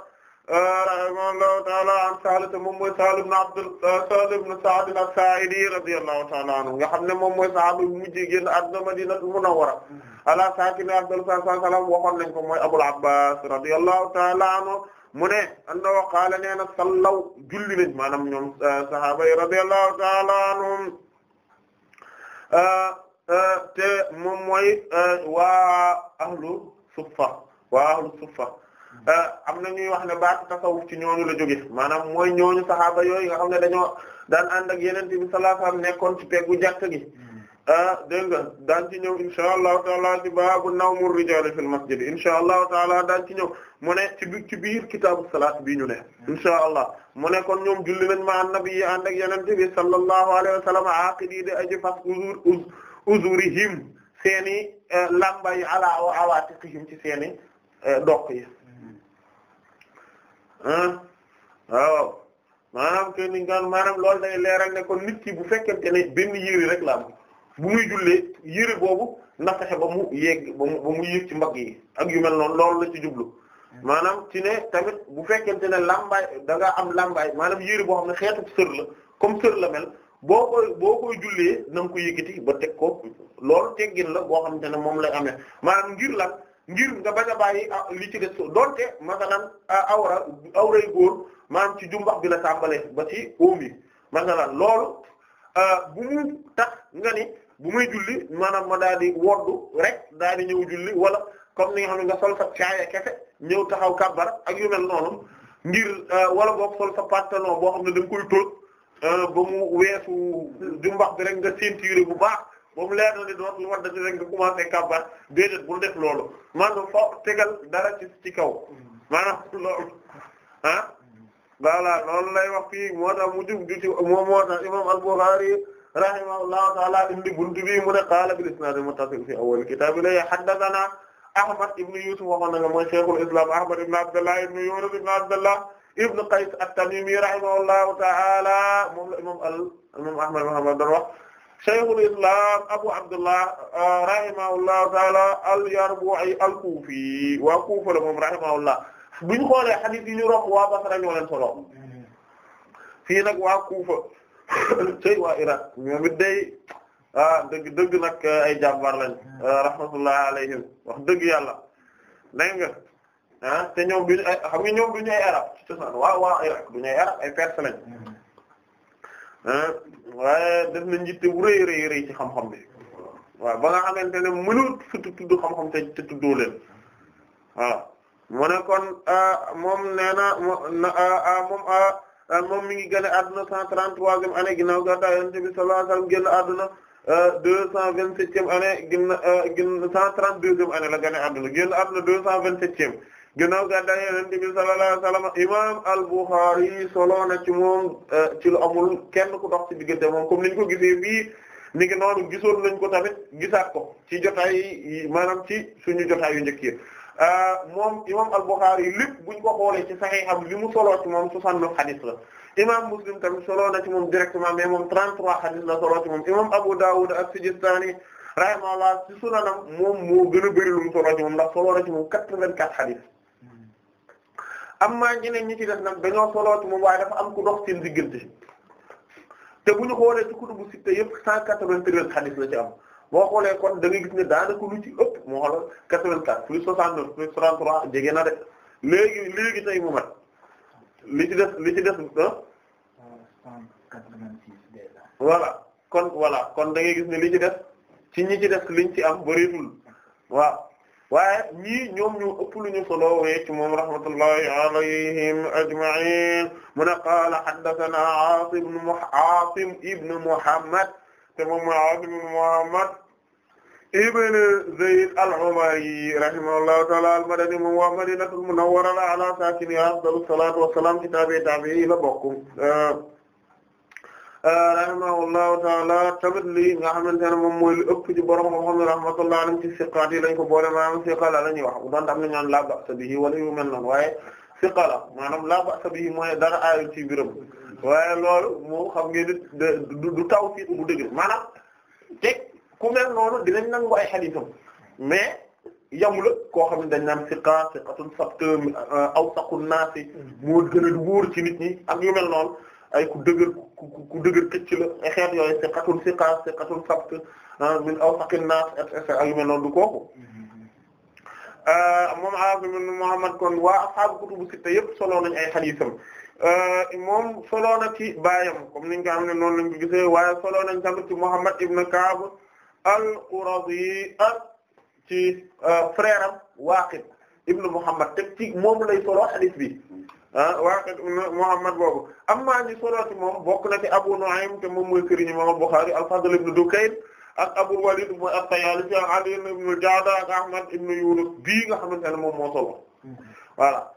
euh, rahimahullahu taala an sahl te moom mooy sahl ibn abd sahl ibn sa'd as-sa'idi radiyallahu taala anhu nga xam ne moom mooy sahaaba bu mujj génn àdduna madinatul munawwara ala saakini afdal salaam waxoon nañ ko mooy abul abbas radiyallahu taala anhu mu ne annahu qaala nee na sallaw julli nañ maanaam ñoom euh, sahaaba yi radiyallahu ta'ala anhum euh, euh, te moom mooy waa ahlu suffa waa ahlu suffa am na ñuy wax ne baat tasawuf ci ñooñu la jóge maanaam mooy ñooñu sahaaba yooyu nga xam ne dañoo daan ànd ak yeneen bi sallallahu alayhi wasallam nekkoon ci peggu jàkk gi Ah, dégg nga daan ci ñëw insha allahu taala ci baabu nawmu rijaali fil masjid daan ci ñëw mu ci bi ci biir kitaabu salaat bii ñu ne hmm. insha kon ñoom julli nañ ma annabi yi ànd ak yenente bi sallallahu alayhi wa de aji fas uzurihim seeni eh, lamba yi ala ci seeni eh, doq yi hmm. ah waaw maanaam ke ni maanaam loolu day leeral ne kon nit ki bu fekkente ne benn yëri rek la bu muy jullee yére boobu na fexe ba mu yéeg ba mu ba ci mbagg yi ak yu mel noonu loolu la ci jublu maanaam ci ne tamit bu fekkente ne làmbaay da ngaa am làmbaay maanaam yére boo xam ne xeetu sër la comme sër la mel boo koy boo koy jullee na nga ko yëkkati ba teg ko loolu teggin la boo xamante ne moom lay amee maanaam ngir la ngir nga bañ a ah, li ci des donte masalan ah, awra awray góor maanaam ci jumbax bi la tàmbalee ba ci oom yi masalan loolu ah, bu mu tax nga bu may julli maanaam ma daal di woddu rek daal di ñëw julli wala comme ni nga xam ne nga sol sa caaya kese ñëw taxaw kàbbar ak yu mel noonu ngir euh, wala boog sol sa pantalon boo xam ne da nga koy tóoj euh, ba mu weesu jumbax bi rek nga ceinture bu baax ba mu leer na ne doot lu waddati rek nga commencé kàbbar déedéet bul def loolu maanaam foo tegal dara ci ci kaw maanaam loolu ah voilà loolu lay wax fii moo tax mu jub du ci moom moo tax imam Al-Bukhârî rahimahullahu ta'ala indi buntu bi mu ne qaala bil isnaad al-muttasil fi awwal kitaab la haddathanaa Ahmad ibn Yusuf waxoon na nga mooy Cheikhul Islam Ahmad ibn Abdullah ibn Yunus ibn Abdullah ibn Qays at-Tamimi rahimahullahu ta'ala moom la imam al imam Ahmad Muhammad doon wax Cheikhul Islam Abu Abdullah ah, rahimahullahu ta'ala al-Yarbu'i al-Kufi waa Kufa la moom rahimahullah buñ xoolee hadith yi ñu rox waa Basra ñoo leen solo fii nag waa Kufa sëy waa Irak ñoom day ah, dëgg dëgg nag eh, ay jàmbaar lañ hmm. eh, rahmatullah alayhim wax dëgg yàlla dégg nga ah te ñoom duñu ay xam ay arab ci cosaan ay arab lañ hmm. ah, waaye def nañ njitte bu rëy rëy ci xam-xam bi waaw ba nga xamante ne mënut fu tudd xam-xam te te leen waaw mu kon ah, moom nee na moom Ah, moom mi ngi génn àdduna 133e année ginnaaw gàddaay Yonent bi sallallahu alayhi wasallam génn àdduna 227e ah, année ginna ginna 132e année la génn àdduna génn àdduna 227e ginnaaw gàddaay Yonent bi sallallahu alayhi imaam al-Bukhari solo na ci moom ah, ci lu amul kenn ku dox ci diggante moom comme niñ ko gisee fii ni ngi noonu gisoon nañ ko tamit gisaat ko ci jotaay yi maanaam ci suñu jotaay yu Euh, moom imam al-Bukhari bu ñu ko xoolee ci Sahih am li mu soloo ci moom 69 hadith la imam Muslim tamit soloo na ci moom directement mais moom 33 hadith la soloo ci moom imam Abu Dawud as-Sijistani rahimahullah ci sunanam moom moo gën a bëri lu mu soloo ci moom ndax soloo na ci moom 84 hadith amma ñi ci def nag dañoo soloo ci moom waaye dafa am ku dox seen diggante te bu ñu xoolee ci kutubu sitta yëpp 193 hadith la boo xoolee kon da ngay gis ne daanaka lu ci ëpp moo xoolal 84 plus 69 plus 33 jege na de léegi léegi tey mu mat li ci des li ci des ah. 186 déjà. kon voilà gis ne li ci des ci ñi ci des liñ ci am bëreetul waaw waaye ñii ñoom ñu ëpp lu ñu solo wee ci moom rahmatullahi alayhim ajma'in mu a qaala haddathana Aasim ibn Muhammad te moom mooy Aasim ibn Muhammad ibn Zayd al-Humayri rahimahullahu ta'ala al-Madani moom waa Madinatul Munawwara ala saakinihaa afdalu salaatu wa salaam ci taabi'i taabi'i la bokk rahimahullahu ta'ala tamit lii nga xamante ne moom mooy lu ëpp ci borom xam-xam ne rahmatullahi alayhim ci siqaat yi lañ ko boole maanaam siqa la la ñuy wax bu doon am na ñaan laa ba'sa bihi wala yu mel noonu waaye siqa la maanaam laa ba'sa bihi mooy dara aayul ci biiram waaye loolu moo xam ngeen ni taw tawfiq bu dëgg maanaam teg ku mel noonu dinañ nangu ay xadiisam mais yamula koo xam ne dañ naan siqa siqatun sabt euh, aw saqun naasi moo gën a wóor ci nit ñi ak yu mel noonu ay ku dëgër ku dëgër këcc la ay xeet yooyu siqatun siqa siqatun sabt euh, min aw naas et ak yu mel noonu du kooku euh, moom Aasim ibn Muhammad kon waa ashaabu kutubu sitta yëpp solo nañ ay xadiisam Euh, moom solo na ci baayam comme niñ ko xam ne noonu lañ ko gisee waaye solo nañ tamit ci Muhammad ibn Ka'b al-Qurazi ak ci euh, frère am Waaqid ibn Muhammad teg ci moom lay solo hadith bi ah Waaqid ibn Muhammad boobu amma ñi solo ci moom bokk na ci Abu Nu'aym te moom mooy sëriñ Imam Bukhari al-Fadl ibn Dukayn ak Abul Walid mooy at-Tayalisi ak Ali ibn al-Ja'da ak Ahmad ibn Yunus bii nga xamante ne moom moo solo mm-hmm. voilà.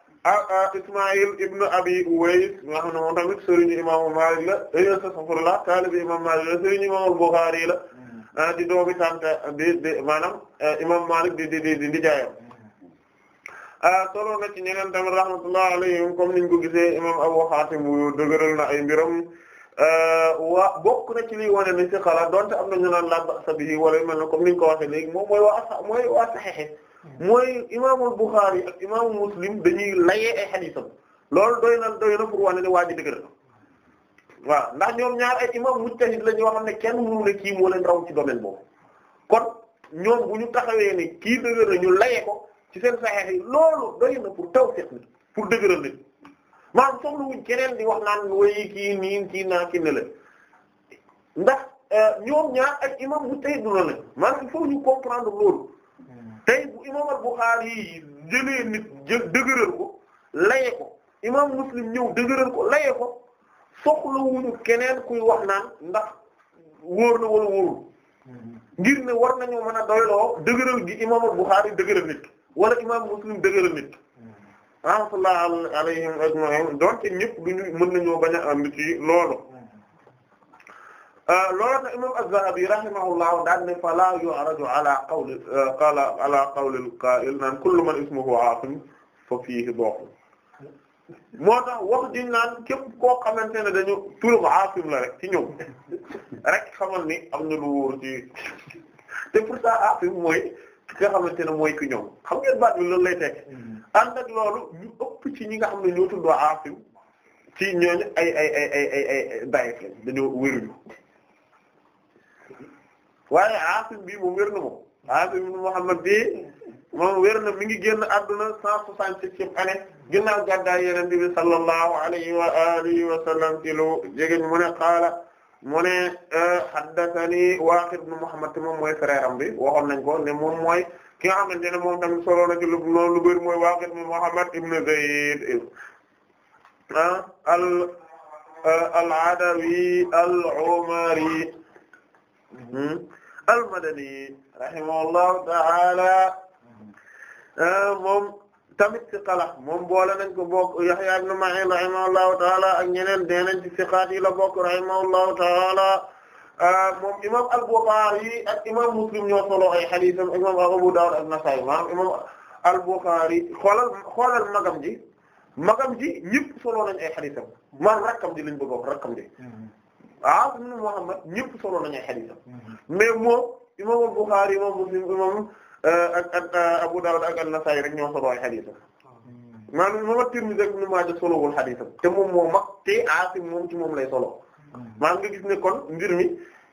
Ismaïl ibn Abi Uways nga xam ne moom tamit sëriñu imaamu Maalik la astaghfirullah taalibi imaamu Maalik la sëriñu imaamu Bukhari la mm-hmm. ah, di doomi tànta di di maanaam eh, imaamu Maalik di di di di jaayam mm-hmm. ah, solo na ci ñeneen tamit rahmatullahi alayhim comme niñ ko gisee imam Abu Hatim wu dëgëral na ay mbiram ah, waa bokk na ci liy wane ni si xalaat donte am na ñu naan la ba'sa bihi wala mel na comme niñ ko waxe léegi mooy waa mooy waa mooy imaamul Bukhari ak imaamu Muslim dañuy layee ay xadiisam loolu doy na doy na pour wax ne waa ji dëgg la ndax ñoom ñaar ay imam mujtahid la ñoo xam ne kenn mënu ne kii moo leen raw ci domaine boobu kon ñoom bu ñu taxawee ne kii dëgër na ñu laye ko ci seen saxeex yi loolu doy na pour taw seet ni pour dëgëral nit maanaam soxlawuñ keneen di wax naan woyi kii niin kii naa ki ne la ndax euh, ñoom ñaar ay imam mujtahid du na ñu comprendre loolu tey bu imam yi jëlee nit jë dëgëral ko laye ko imam Muslim ñëw dëgëral ko laye ko soxlawuñu keneen kuy wax naan ndax wóor na wala wóorul ngir ne war nañoo man a doyloo dëgëral gi imam al-Bukhari dëgëral nit wala imam Muslim dëgëral nit rahmatullah alayhim ajma'in donte ñëpp duñu mën nañoo bañ a ànd ci loolu Euh, loolu tax imam az-Zahabi rahimahullahu daan ne fa laa yu'raju ala qawli euh, qala ala qawli al-qa'il naan kullu man ismuhu Aasim fa fiihi da'f moo tax wax diñ naan képp koo xamante ne dañu turam Aasim la rek ci ñëw rek xamal am na lu wóor ci te pourtant Aasim mooy ki nga xamante ne mooy ki ñëw xam ngeen baat bi loolu lay tekk ànd loolu ñu ëpp ci ñi nga xam ne ñu tuddoo Aasim ci ñooñu ay ay ay ay ay ay dayef lañ waaye Aasim bi moom wér na moom Aasim ibn Muhammad bi moom wér na mi ngi génn adduna cent soixante-septième année ginnaaw gàddaay Yonent bi sallallahu alayhi wa alihi wa sallam ci lu jege mu ne qaala mu ne euh, haddathani Waaqid ibn Muhammad te moom mooy frère am bi waxoon nañ ko ne moom mooy ki nga xamante ne moom tamit solo na ci lu noonu lu bëri mooy Waaqid ibn Muhammad ibn Zayd ah, al euh, al-Adawi al-Umari hmm? al-Madani rahimahullahu ta'ala ah, moom tamit siqala moom boole nañ ko bokk Yahya ibn Ma'in rahimahullahu ta'ala ak ñeneen deenañ ci siqaat yi la bokk rahimahullahu ta'ala ah, moom imam al-Bukhari ak imam Muslim ñoo solo ay hadiisam imam Abu Dawud ak Nasa'i maanaam imam al-Bukhari xoolal xoolal magam ji magam ji ñëpp solo nañ ay hadiisam man rakkam ji lañ bëgg wax rakkam ji hmm. Aasim ibn Muhammad ñëpp solo nañu xadiis mm-hmm. mais moom imaam Buxaari imaam Muslim imaam euh, ak euh, Abu Dawud ak An-Nasaa'i rek ñoo solo ay xadiis mm-hmm. a imaam Tirmidhi ak Ibn Maaja solowul xadiis te moom moo mag te Aasim moom ci moom lay solo mm-hmm. maanaam nga gis ne kon mbir mi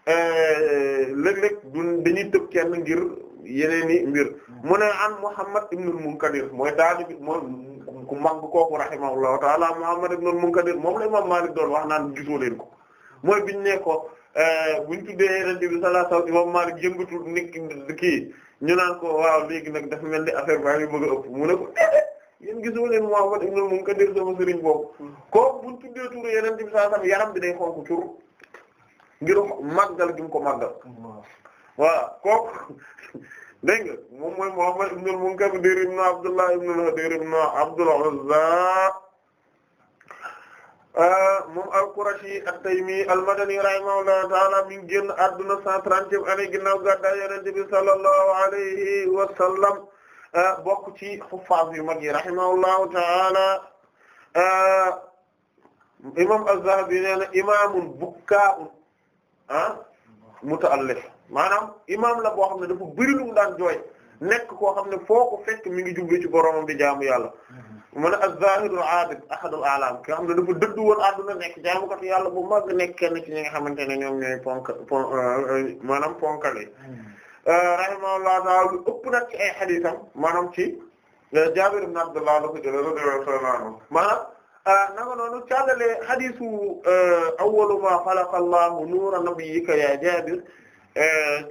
euh, léeg-léeg du dañuy tëb kenn ngir yeneen i mbir mu ne an Muhammad ibn al-Munkadir mooy daal bi moom ku mag kooku rahimahullahu ta'ala Muhammad ibn al-Munkadir moom la imaam Maalik doon wax naan gisoo leen ko. mooy biñ ne ko euh, buñ tuddee Yonent bi sallallahu alayhi wasallam Imam Malik yëngatu nit kii ñu naan ko waaw léegi nag dafa mel ni affaire baa ngi bëgg a ëpp mu ne ko eh, yéen gisoo leen Muhammad ibn Munkadir sama sëriñ boobu ko buñ tuddee turu Yonent bi sallallahu alayhi wasallam yaram bi day xonk tur ngir màggal gi mu ko màggal voilà kooku dégg nga moom mooy Muhammad ibn Munkadir ibn Abdullah ibn Hadir ibn Abdul Uzza Ah, moom al-Qurashi at-Taymi al-Madani rahimahullahu ta'ala mi ngi génn àdduna 130e année ginnaaw gàddaay Yonent bi sallallahu alayhi wa sallam ah, bokk ci xuffaaf yu mag yi rahimahullahu ta'ala ah, imam Az-Zahabi nee na imaamun bukkaa'un ah muta'allif maanaam imaam la boo xam ne dafa bëri jooy nekk koo xam ne foo ko fekk mi ngi jugge ci boromam di jaamu yàlla mu ne az-zahidul abid ahadul a'lam ki nga xam ne dafa dëddu woon adduna nekk jaamukatu yàlla bu mag nekk kenn ci ñi nga xamante ne ñoom ñooy ponk pon euh, maanaam ponkali euh, rahimahullah taala lu ëpp nag ci ay xadiisam maanaam ci euh, Jaabir ibn Abdullah la ko jëlee radiyallahu anhu maanaam naka noonu càllale xadiisu awwalu maa xalaqa Allahu nuura nabiyyika yaa Jaabir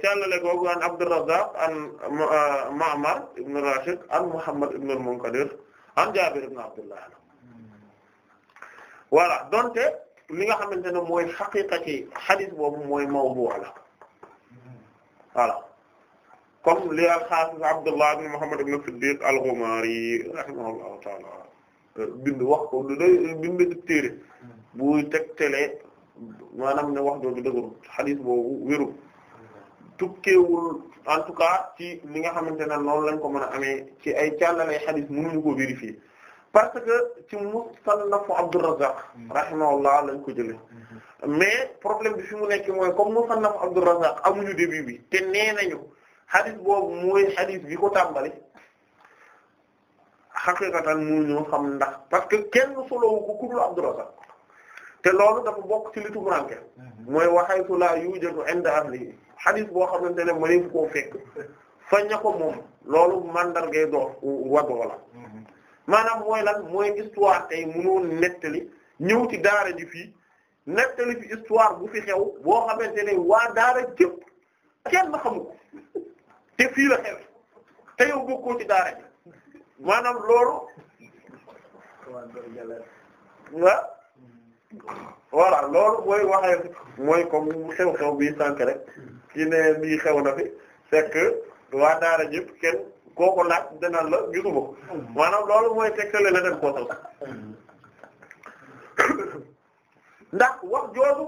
càllale googu an Abdurrazzaaq an Ma'mar ibn Raashid an Muhammad ibn al-Munkadir an Jaabir ibn Abdullah voilà donte li nga xamante ne mooy xaqiqa ci xadis boobu mooy mawdu la voilà comme li al-Hafiz Abdullah ibn Muhammad ibn Siddiq al-Ghumari rahimahullahu ta'ala bind wax ko lu doy bind téere buy tegtale maanaam ne wax jooju dëgëru xadis boobu wéru tukkeewul en tout cas ci li nga xamante ne noonu lañ ko mën a amee ci ay càllale xadis mënuñu ko vérifier parce que ci musannafu Abdurrazzaq rahimahullah lañ ko jëlee mais problème bi fi mu nekke mooy comme musannafu Abdurrazzaq amuñu début bi te nee nañu xadis boobu mooy xadis bi ko tàmbali xaqiqatan mënuñu xam ndax parce que kenn solowu ko ku dul Abdurrazzaq te loolu dafa bokk ci li tumuranke mm-hmm. mooy waxaytu la yujadu inda ahlihi xadis boo xamante ne mënees koo fekk fa ña ko moom loolu mandargay doo wadoo la maanaam mooy lan mooy histoire tey mënoon nettali ñëw daara ji fii nettali fi histoire bu fi xew boo xamante ne waa daara jëpp kenn xamu ko te fii la xew te yow bokkoo ci daara ji maanaam loolu waaw voilà loolu mooy waxee mooy comme xew-xew bi sànk rek ci ne lii xew na fi c'est que waa daara yëpp kenn koo ko laaj la gisuma maanaam loolu mooy tegtale la dem koo sax ndax wax jooju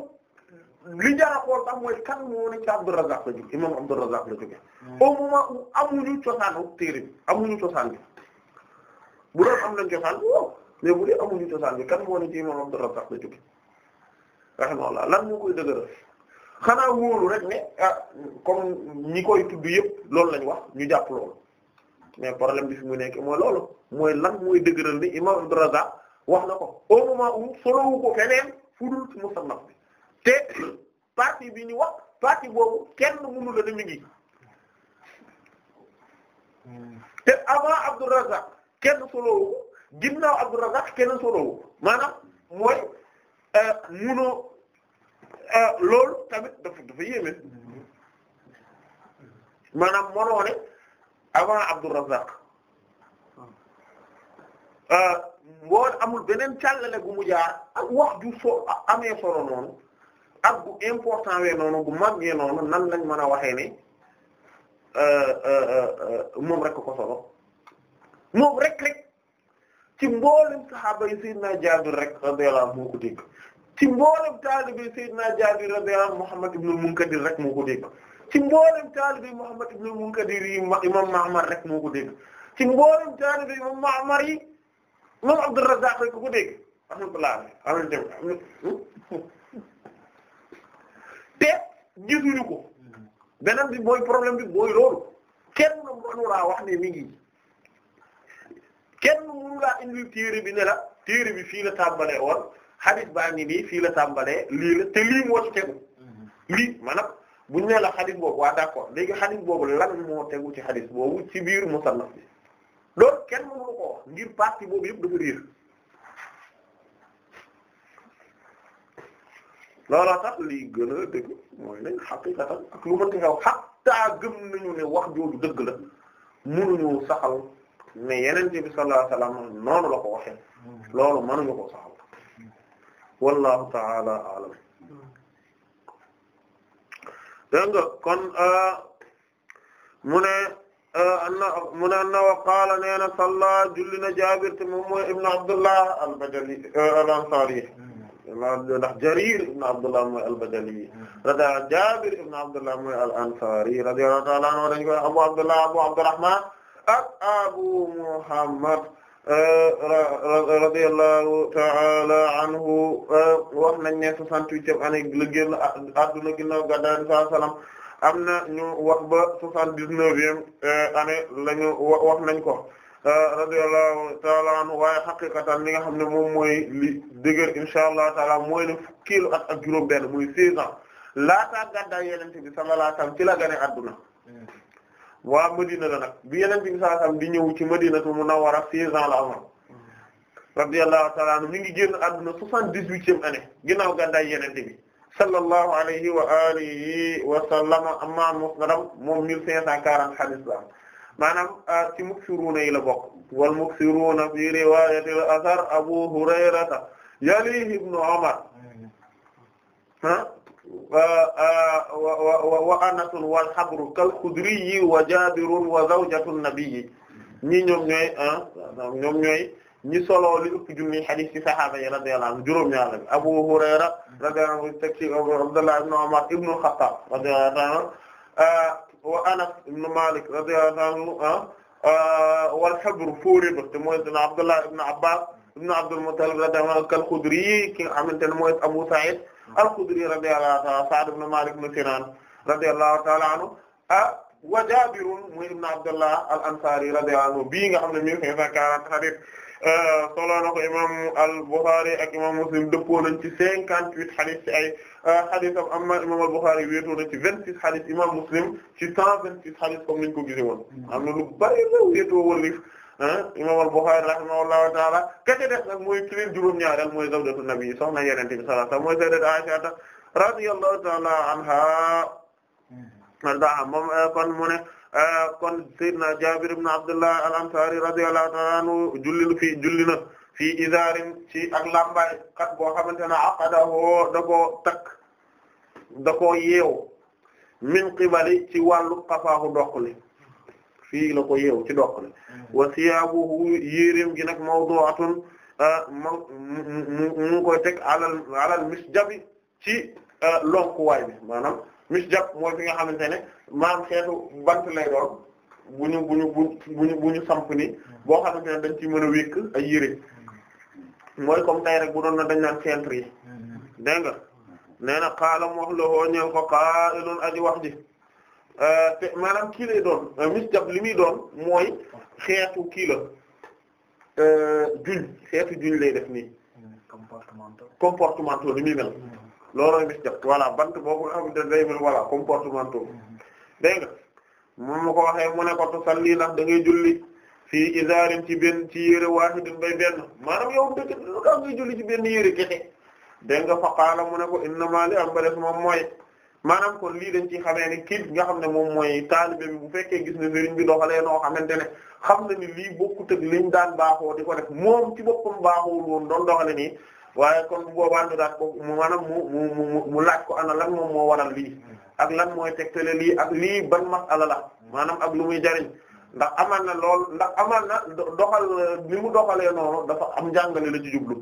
li jara xool tax mooy kan moo ne ci Abdurrazzaq la jóge imam Abdurrazzaq la jóge au moment où amuñu cosaanu téere bi amuñu cosaan bi bu doon am nañ cosaan mais bu dee amuñu cosaan bi kan moo ne ci imam Abdur Razzaq la jóge rahimahullah lan moo koy dëgëral xanaa wóolu rek ne ah comme ñi koy tudd yëpp loolu lañ wax ñu jàpp loolu mais problème bi fi mu nekk mooy loolu mooy lan mooy dëgëral ni imam Abdur Razzaq wax na ko au moment solowu ko feneen fudul ci musannaf bi te partie bi ñu wax partie boobu kenn mënu la ne mi ngi te avant Abdur Razzaq kenn solowu ginnaaw Abdurrazzaq keneen solowu maanaam mooy munoo euh, euh, lool tamit dafa dafa yéeme maanaam mënoo ne avant Abdurrazzaq boo euh, amul beneen càllale gu mu jaar wax ju so amee solo noonu ak bu important wee noonu bu màggee noonu nan lañ mën a waxee ne moom rek ko solo moom rek rek ci mboolem saxaaba yi Seydina Jaabir rek radiyallahu anhu moo ko dégg ci mboolem taalibi Seydina Jaabir radiyallahu anhu Muhammad ibn al-Munkadir rek moo ko dégg ci mboolem taalibi Muhammad ibn al-Munkadir yi imam Ma'mar rek moo ko dégg ci mboolem taalibi imam Ma'mar yi imam Abdurrazzaq rek ko dégg alhamdulillah am hmm? hmm? te gisuñu ko hmm. beneen bi mooy problème bi mooy loolu kenn na mën wax ne mi ngi kenn mënu laa indil téere bi ne la téere bi fii la tàmbalee woon hadith baa ngi nii fii la tàmbalee lii la te lii moo ci tegu mhm. lii maanaam buñ ne la hadith boobu waa d'accord léegi hadith boobu lan moo tegu ci hadith boobu ci biir musannaf bi loolu kenn mënu ko wax ngir partie boobu yépp dafa riir looloo tax lii gën a dëgg mooy nañ xaqiqatan ak lu mënti xew xattaa gëm nañu ne wax jooju dëgg la mënuñu saxal mais yeneen bi sallallahu alayhi wasallam noonu la ko waxee loolu mënuñu ko saxal wallahu ta'ala a'lam dégg nga kon euh, mu ne euh, anna mu ne anna wa qaala nee na salla julli na Jaabir te moom mooy ibnu Abdullah al-Bajali euh, al-Ansari ndax Jarir ibnu Abdullah mooy al-Bajali rada Jaabir ibnu Abdullah mooy al-Ansari radiyallahu ta'ala anhu dañ koy Abu Abdullah Abu Abdurrahman ak Abu Muhammad eh, radiyallahu ta'ala anhu eh, wax nañ ne soixante-huitième année la génn adduna ginnaaw gàddaay Rasul sallam am na ñu wax ba soixante-dix-neuvième eh, année la ñu nañ ko radiyallahu ta'ala anhu waaye xaqiqatan li nga xam ne moom mooy li dëgër taala mooy ne fukkeelu at ak juróom benn muy seize ans laataa gàddaay Yonent bi sallallahu alayhi wasallam ci la adduna waa Madina la nag bi yeneen bi sallallahu alayhi wasallam di ñëw ci Madinatu Munawwara seize ans la amoon radiyallahu ta'ala anhu mi ngi génn àdduna soixante-dix-huitième année ginnaaw gàddaay yeneen bi sallallahu alayhi wa alihi wa sallama amma musnadam moom mille cinq cent quarante hadith la maanaam ah, ci muksiruuna yi la bokk wal muksiruuna fi riwaayati al Abu Hurayrata yalihi ibnu Umar ah wa anasun wal xabru kal xudriyi wa jabirun wa zawjatu nabiyi ñii ñoom ñooy ñoom ñooy ñi solo li ëpp junni hadith ci sahaaba yi radiyallahu anhum juróom-ñaar la Abu Hurayra radiyallahu anhu teg ci Abdullah ibn Umar ibn al-Khattab radiyallahu anhu wa Anas ibn Malik radiyallahu anhu wal xabru fuuri ba te mooy dina Abdullah ibn Abbas ibn Abdul Muttalib radiyallahu anhu kal xudriyi ki nga xamante ne mooy Abu Sa'id al-Khudri radiyallahu ta'ala Sa'd ibn Malik ibn Sinan radiyallahu ta'ala anhu ah wa Jabir muy ibn Abdullah al-Ansari radiyallahu bii nga xam ne mille cinq a quarante hadith ah, solo na ko imam al-Bukhari ak imam Muslim dëppoo nañ ci cinquante-huit hadith ci ay ah, hadith am amma imam al-Bukhari wéetoo na ci vingt-six hadith imam Muslim ci cent vingt-six hadith comme niñ ko gisee woon am na lu bari la wéetoo Ah, imam al-Bukhari rahimahullahu taala kete def nag mooy kilin juróom-ñaareel mooy zawjatu nabi soxna yenente bi sallallahu alayhi wasallam mooy sayyidat Aisha radiyallahu taala anha arda moom eh, kon mu ne eh, kon sayyidna Jabir ibn Abdullah al-Ansari radiyallahu taala anhu julli fi julli na fii izaarin ci ak lambaay kat boo xamante ne aqadahu da koo takk da koo yeew min qibali ci wàllu xafaahu doq li fii la ko yeew ci doq la mm. wa siyaabuhu yéeréem gi nag mawdu'atun ma ah, mu mu koy teg alal alal misjabi ci ah, lonkuwaay bi maanaam misjab mooy fi nga xamante ne maanaam xeetu bant lay doon bu ñu bu ni boo xamante ne dañ ci mën a wékk ay yére mooy comme tay rek bu doon na dañ naan centre yi mm. dégg nga mm. wax la woo ko xaa aji wax ji Euh, te maanaam kii lay doon euh, misjab li muy doon mooy xeetu kii la euh, juñ xeetu juñ lay def nii. comportemental comportemental li muy mel. Mm-hmm. looloo walaa bant boobu nga xamante ne day mel voilà comportemental mm-hmm. dégg nga moom ma ko waxee mu ne ko tosal lii ndax da ngay julli fii isaarin ci benn ci yére waahidin bay benn maanaam yow dëgg lu tax ngay julli ci benn yére kese dégg nga faqaala mu ne ko maa li am ba des moom mooy. maanaam kon lii dañ ci xamee ne kii nga xam ne moom mooy taalibe bi bu fekkee gis ne sëriñ bi doxalee noo xamante ne xam na ni lii bokkut ak liñ daan baaxoo di ko def moom ci boppam baaxul woon doon doxale nii waaye kon bu boobaa ñu daat ko maanaam mu mu mu mu laaj ko ana lan moom moo waral ak lan mooy tegtale lii ak lii ban masala la maanaam ak lu muy jariñ ndax amaan na lool ndax amaan na doxal ni mu doxalee noonu dafa am njàngale la ci jublu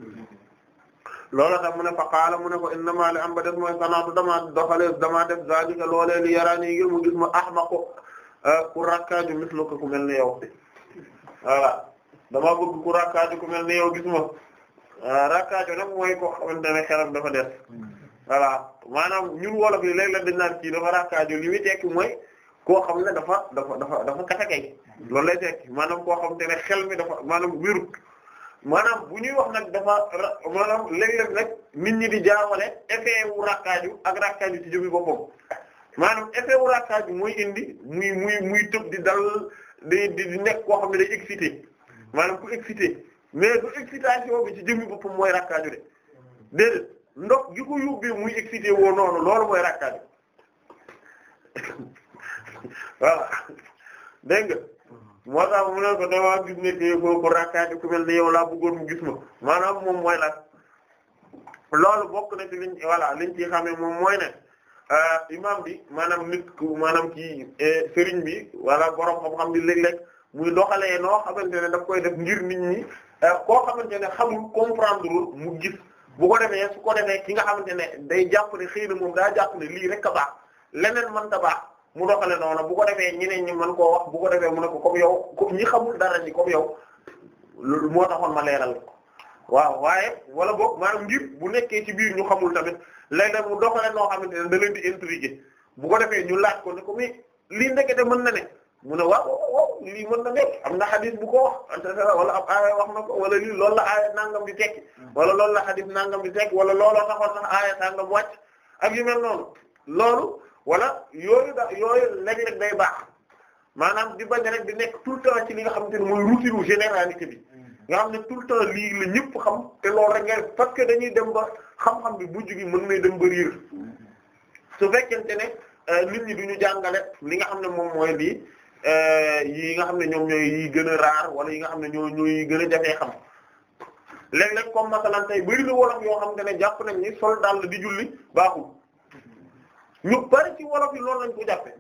loolu tax mu fa qaala mu ne ko am ba def mooy sanaatu damaa doxalee damaa def zalika loolee yaraani ngir mu gis ma ahmaqu euh, ku rakkaaju misluka ku mel ni yow voilà damaa bëgg ku rakkaaju ku mel ni yow gis ma euh, rakkaaju nag mooy ko dafa des maanaam ñun wolof yi léeg-léeg dañ naan kii koo xam ne dafa dafa dafa dafa katakay loolu lay tekki maanaam koo xam te xel mi dafa maanaam wirut maanaam bu ñuy wax nag dafa maanaam léeg-léeg nag nit ñi di jaawale effet wu rakkaaju ak rakkaaju ci jëmmi boppam maanaam effet wu rakkaaju muy indi muy muy muy tëb di dal di di nekk koo xam ne day excité maanaam ku excité mais du excitation bi ci jëmmi boppam mooy rakkaaju de déedéet ndox gi ko yóbbee muy excité woo noonu loolu mooy rakkaaju voilà dégg moo tax mu ne ko damaa gis ne téye laa bëggoon mu gis ma maanaam moom mooy la loolu bokk na ci liñ voilà liñ ci xamee moom mooy ne euh, imam bi maanaam nit ku maanaam kii e, sëriñ bi wala borom xam-xam bi léeg-léeg muy doxalee noo xamante ne daf koy def ngir nit ñi euh, koo xamante ne xamul comprendre lul mu gis bu ko defee su ko defee ki nga xamante ne day jàpp ne xëy moom daa jàpp ne lii rek a baax leneen mën ta baax. mu doxale noonu bu ko defee ñeneen ñi man koo wax bu ko defee mu ne ko comme yow ñi xamul dara ñi comme yow loolu moo taxoon ma leeral waaw waaye wala boog maanaam ngir bu nekkee ci biir ñu xamul tamit léeg-léeg mu doxale noo xamante ne da leen di intriguer bu ko defee ñu laaj ko ne ko mais lii ndekete mën na ne mu ne waaw waaw lii mën na nekk am na xadis bu ko wax wala ab aaya wax na ko wala lii loolu la aaya nangam di tekki wala lool la xadis nangam di tekki wala lool taxoon sax aaya nangam wàcc ak yu mel noonu loolu wala yooyu da yooyu léeg-léeg day baax maanaam di bañ rek di nekk tout le temps ci li nga xamante ne mooy routine u généralité bi mm-hmm. nga xam ne tout le temps lii la ñëpp xam te loolu rek nga parce que dañuy dem ba xam-xam bi bu jugi mën na dem ba mm-hmm. su fekkente ne euh, nit ñi ñu jàngale li nga xam ne moom mooy lii euh, yi nga xam ne ñoom ñooy yi gën a raar wala yi nga xam ne ñoo ñooy gën a jafee xam léeg-léeg comme masalan tey bari na wolof yoo xam te ne jàpp nañ ni sol daal di julli baaxul ñu bari ci wolof yi loolu lañ ko jàppe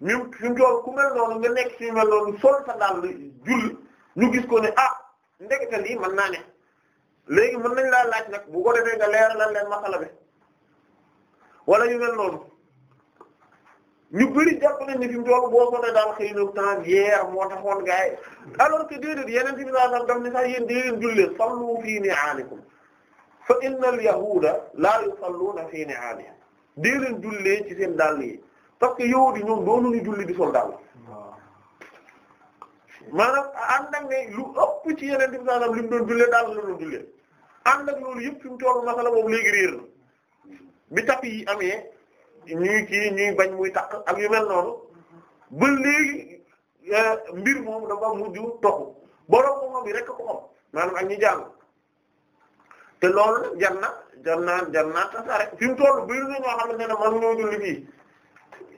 ñun suñ tool ku mel noonu nga nekk suñu mel noonu sol ta daal julli ñu gis ko ne ah ndekete lii mën naa ne léegi mën nañ laa laaj nag bu ko defee nga leeralal leen masala bi wala ñu mel noonu ñu bëri jàpp nañ ni fi mu toll boo ko ne daal xëy na temps yeer moo taxoon gaay alors que déedéet yeneen ci bi laa sax daf ni sax yéen déedéet jullee sallu fii ni'aalikum fa inna al yahuuda laa yusalluuna fii ni'aalihim dee leen jullee ci seen dàll yi parce que yow di ñoom doonuñu julli di sol dàll maanaam ànd ak ne lu ëpp ci yeneen dib saanam li doon jullee dàll la doon jullee ànd loolu yëpp fi mu toll la boobu léegi réer na bi tap yi amee ñuy kii ñuy bañ muy takk ak yu mel noonu ba léegi euh, mbir moom dafa mujj toxu borom ko moom yi rekk ko xam maanaam ak ñu te loolu jar na jannaan jannaat tasare fi mu toll bëri na xam xamante ne mënuñoo julli fii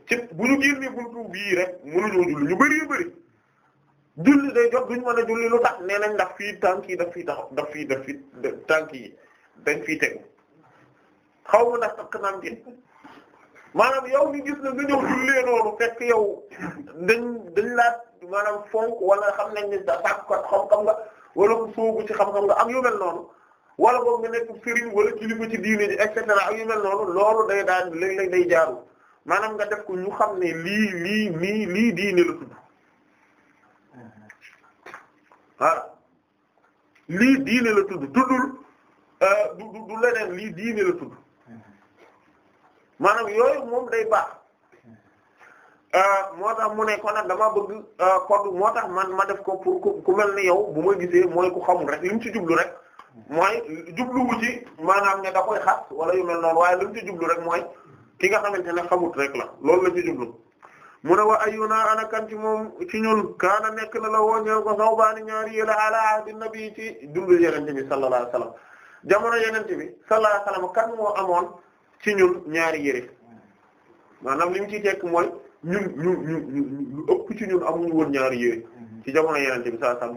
ci bu ñu génnee buntu bii rek mënuñoo julli ñu bëri bëri julli day jot duñu mën a julli lu tax nee nañ ndax fii tànk yi daf fii taxaw daf fii daf fi tànk yi dañ fii tegu xaw ma ndax takk naam gi maanaam yow ñu gis na nga ñëw jullee noonu fekk yow dañ dañ laa maanaam fonk wala xam nañ ne da sàkkat xam-xam nga wala soogu ci xam-xam nga am yu mel noonu wala boog nga nekk sëriñ wala kilifa ci diine ji et ak yu mel noonu loolu day daan léeg-léeg day jaaru maanaam nga def ko ñu xam ne lii lii lii lii diine la tudd voilà lii diine la tudd tuddul euh, du du leneen lii diine la tudd maanaam yooyu moom day baax euh, moo tax mu ne kon nag dama bëgg euh, code moo tax man ma def ko pour ku mel ni yow bu ma gisee mooy ku xamul rek li mu ci jublu rek mooy jubluwu ci maanaam ne da xas wala yu mel noonu waaye lu mu ci jublu rek mooy ki nga xamante ne xamut rek la loolu la ci jublu mu ne wa ayyuna ana kan ci moom ci ñun kaana nekk na la woo ñeel ko sawbaani ñaari la ala ahdi nabi ci dundu yenente bi sallallahu alayhi wasallam jamono yenente bi sallallahu alayhi kan moo amoon ci ñun ñaari yére maanaam li mu ci tekk mooy ñun ñu ñu ñu ëpp ci ñun amuñu woon ñaari yére ci jamono yenente bi sallallahu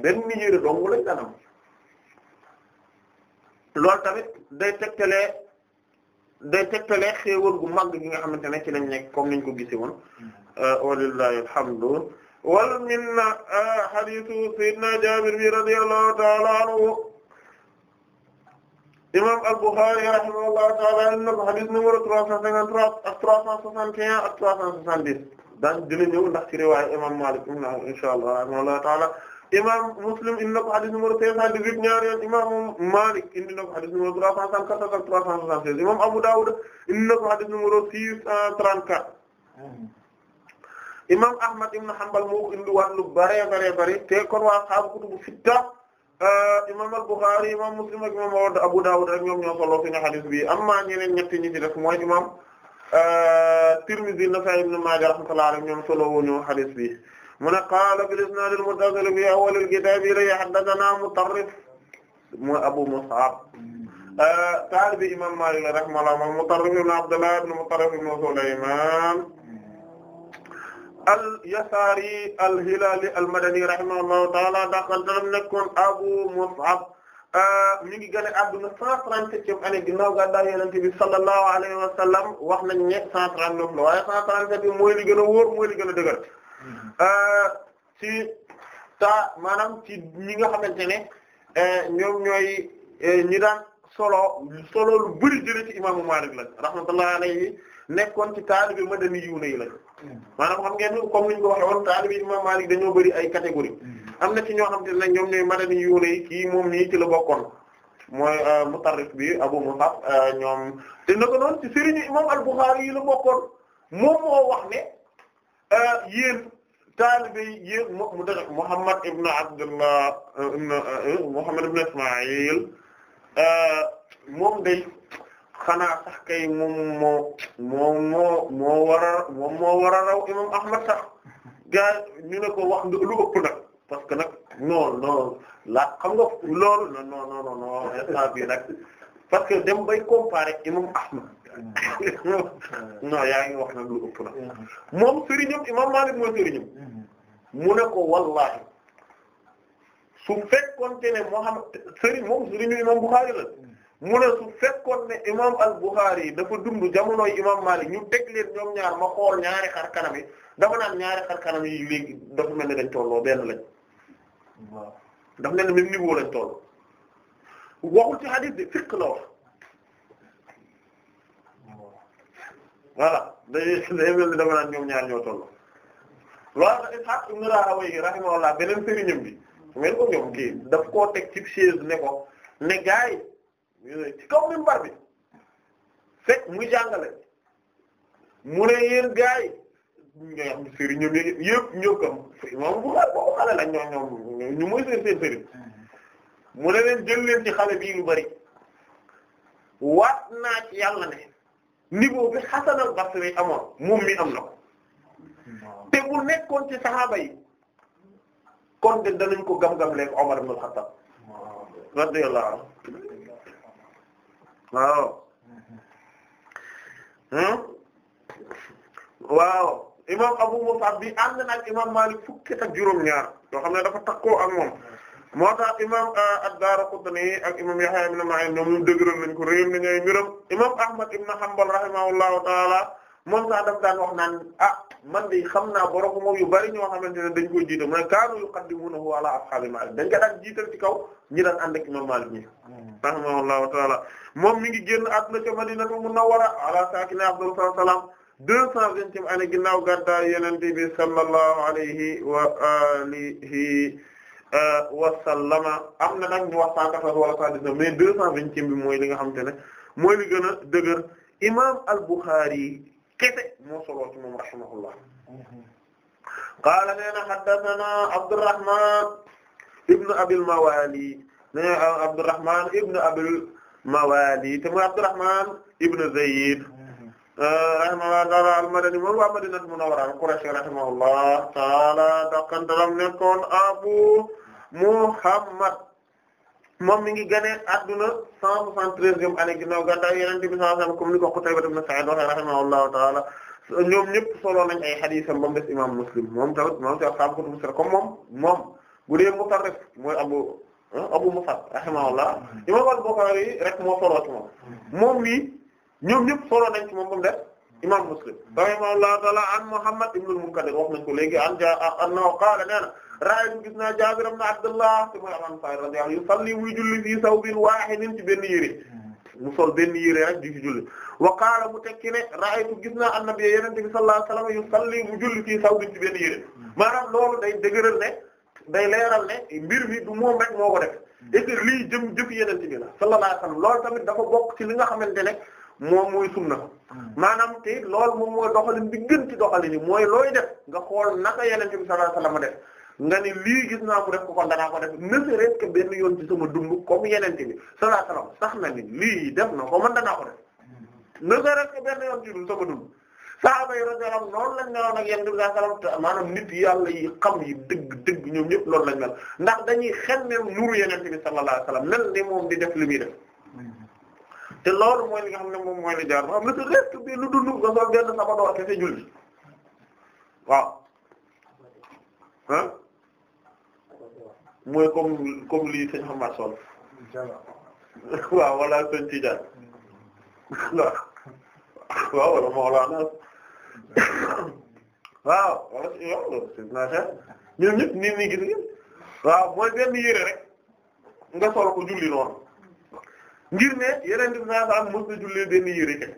alayhi loolu tamit day tegtalee day tegtalee xéewal gu mag gi nga xamante ne ci lañ nekk comme niñ ko gise hmm. euh, alhamdu wal minna euh, hadithu sayyidina Jaabir bi radiyallahu ta'ala anhu imam al-Bukhari rahimahullahu ta'ala in na ko hadith numéro 353 ak 361 ak 370 daan dina ñëw ndax ci riwaaya imam Malik um na inshallah rahimahullahu imam Muslim indi na ko hadith numéro 518 ñaari yoon imam Malik indi na ko hadith numéro 354 ak 376 imam Abu Dawud indi na ko hadith numéro 634 hmm. imam Ahmad ibn Hanbal moo indi waat lu bare bare bare te kon waa xaabu kutubu sitta euh, imam al-Bukhari imam Muslim ak imam Abu Dawud rek ñoom ñoo solo fi nga hadith bi amma ñeneen ñetti ñi ci def mooy imam euh, Tirmidhi Nasa'i ibn Majah rahmatullahi alayhim ñoom solo woñu hadith bi mun a qaala bil isnaad al muttasil fi awwal al kitaab ilay haddathanaa Mutarrif mu Abu Mus'ab taalibi imaam Maalik rahimahullah moom Mutarrif ibn Abdullah ibn Mutarrif ibn Sulaymaan al Yasaari al Hilaali al Madani rahimahullahu ta'aala daxal nekkoon Abu Mus'ab mi ngi gën a adduna 137 année ginnaaw gàddaay Yonent bi sallallahu alayhi wa sallam wax nañ ne 139 la waaye 137 bi mooy li gën a wóor mooy li gën a dëgër. Euh, ci ta maanaam ci ñi nga xamante ne euh, ñoom ñooy euh, ñii daan solo solo lu bari jële ci imaamu Maalik la rahmatullahi alayhi nekkoon ci taalibi madani yu ne yi la maanaam xam ngeen comme ni ñu ko waxee woon taalibi imaamu Maalik dañoo bari ay catégorie mm-hmm. am na ci ñoo xamante ne ñoom ñooy madani yu ne yi kii moom mii ci la bokkoon mooy mutarrif bi Abu Mus'ab ñoom te naka noonu ci sëriñu imam al-Bukhari yi la bokkoon moom moo wax ne Euh, yéen taalibe yi yéen mu mu def Muhammad ibn Abdullah euh, euh, Muhammad ibn Ismaïl xanaa sax kay moom moo moom moo moo a moo war imam Ahmad sax gaa ñu ne ko wax nga lu ëpp nag parce nag non non la xam nga loolu non non non non instant nag parce dem bay comparer imam Ahmad non yaa ngi wax nag lu ëpp na moom sëriñam imam Malik mooy sëriñam mm-hmm. mu ne ko wallahi su fekkoonte ne moo xam sëriñ moom sëriñu imam Bukhari la mm-hmm. mu ne su fekkoon ne imam al-Bukhari yi dafa dund jamonoy imam Malik ñu teg leen ñoom ñaar ma xool ñaari xar kanam yi dafa naan ñaari xar kanam yi léegi dafa mel ni dañ tolloo benn lañ waaw dafa mel ni même niveau lañ toll waxul ci hadith de fiqh la wax voilà day day mel ni dama naan ñoom ñaar ñoo toll loolu nag Ishaq ibn Rahawayh rahimahullah beneen sëriñam bi mel ko ñoom kii daf koo teg ci chaise ne ko ne gaay ci kaw minbar bi fekk muy jàngale mu ne yéen gaay nga xam sëriñam yëpp ñoo kam moom bu xale boo xale la ñoom ñu mooy seen mu ne leen jël leen ci xale bii lu bari waat naa ci yàlla ne niveau bi Hasan basri amoon moom mi am na te bu nekkoon ci saxaaba kon de danañ ko gam-gam leeg Omar ibn hmm? Abu Mus'ab bi ànd na imam Malik fukki ak juróom ñaar yoo xam ne dafa takkoo ak moo ta imam euh, ad-Daraqutni ak imam Yahya ibn Ma'in ñoom ñoom dëgëral nañ ko réew mi ngay mbiram imam Ahmad ibn Hanbal rahimahullahu taala moom sax daf daan wax naan ah man de xam naa borom moom yu bari ñoo xamante ne dañ koy jiital mooy kaanu yuqaddimunahu ala ashaabi Maalik dañ ko daan jiital ci kaw ñi daan ànd ak imam Maalik ñi rahimahullahu taala moom mi ngi génn àdduna na Madinatu Munawwara ala saakina afdalu salaam deux cent vingtième année ginnaaw gàddaay Yonent a sallallahu alayhi wa alihi Euh, wasallama am na nag ñu wax cent quatorze wala cent dix-neuf mais deux cent vingtième bi mooy li nga xamante ne mooy li gën a dëgër imam al-Bukhari kese moo soloo ci moom rahimahullah qaala nee na haddathana Abdurrahman ibn Abil Mawali nee Abdurrahman ibn Abil Mawali te mooy Abdurrahman ibn Zayd Eh, rahimahullah taala al-Madani moom waa Madinatu Munawwara al-Qurashi rahimahullah taala dakantalam nekkoon Abu Muhammad moom mi ngi gane adduna 173e année ginnaaw gàddaay Yonent bi sallallahu alayhi wa sallam comme ni ko Qutayba ibn Sa'id waxe rahimahullahu taala ñoom ñëpp solo nañ ay xadiisam ba des imam Muslim moom tamit moom ci ashaabu kutubu Abu Abu ah, Musab imam al-Bukhari rek moo solo ci moom moom mi ñoom ñëpp solo nañ ci moom moom def imam Muslim rahimahullahu ta'ala an Muhammad ibn al wax nañ ko léegi an ja naa Jaabir ibn Abdullah te mooy al julli fii sawbin waahidin ci benn yére mu sol benn yére rek di julli wa qaala mu tekki ne ra'aytu gis naa annabi yonent bi sallallahu alayhi wasallam yusalli mu julli fii sawbin ci benn yére maanaam loolu day dëgëral ne day leeral ne mbir mi du moom rek moo ko def hmm. et que lii jëm jëf yonent bi la loolu tamit dafa bokk ci li nga xamante ne moom muy na hmm. maanaam te loolu moom mooy doxalin bi gën ci doxalin yi mooy looy def nga xool naka yenente bi sallallahu alayhi wasallam def nga ni lii gis naa mu def ko kon danaa ko def ne serait benn yoon ci sama dund comme yenente bi sallallahu alayhi wasallam sax na ni lii def na ko man danaa ko def hmm. ne serait-ce que benn yoon ci dund sama dund sahaaba yi radiyallahu anhum noonu lañ meloon ak yenente bi nit yàlla yi xam yi dëgg dëgg ñoom ñëpp loolu na mel ndax dañuy xemmem nuru yenente bi sallallahu alayhi wasallam mel ni moom di def li def te loolu mooy li nga xam ne mooy li jaar ba am na te reste bi lu dund nga soog benn sabadoor waaw ah mooy comme comme lii sëñ Hamad waaw wala sëñ Tidiane waaw wala Mawlana waaw wala sëñ Nassir ñun ñëpp nit ñi gis ngeen waaw mooy benn yére rek nga sol ko julli ngir ne yeneen di saa saa mos na jullee benn yére kese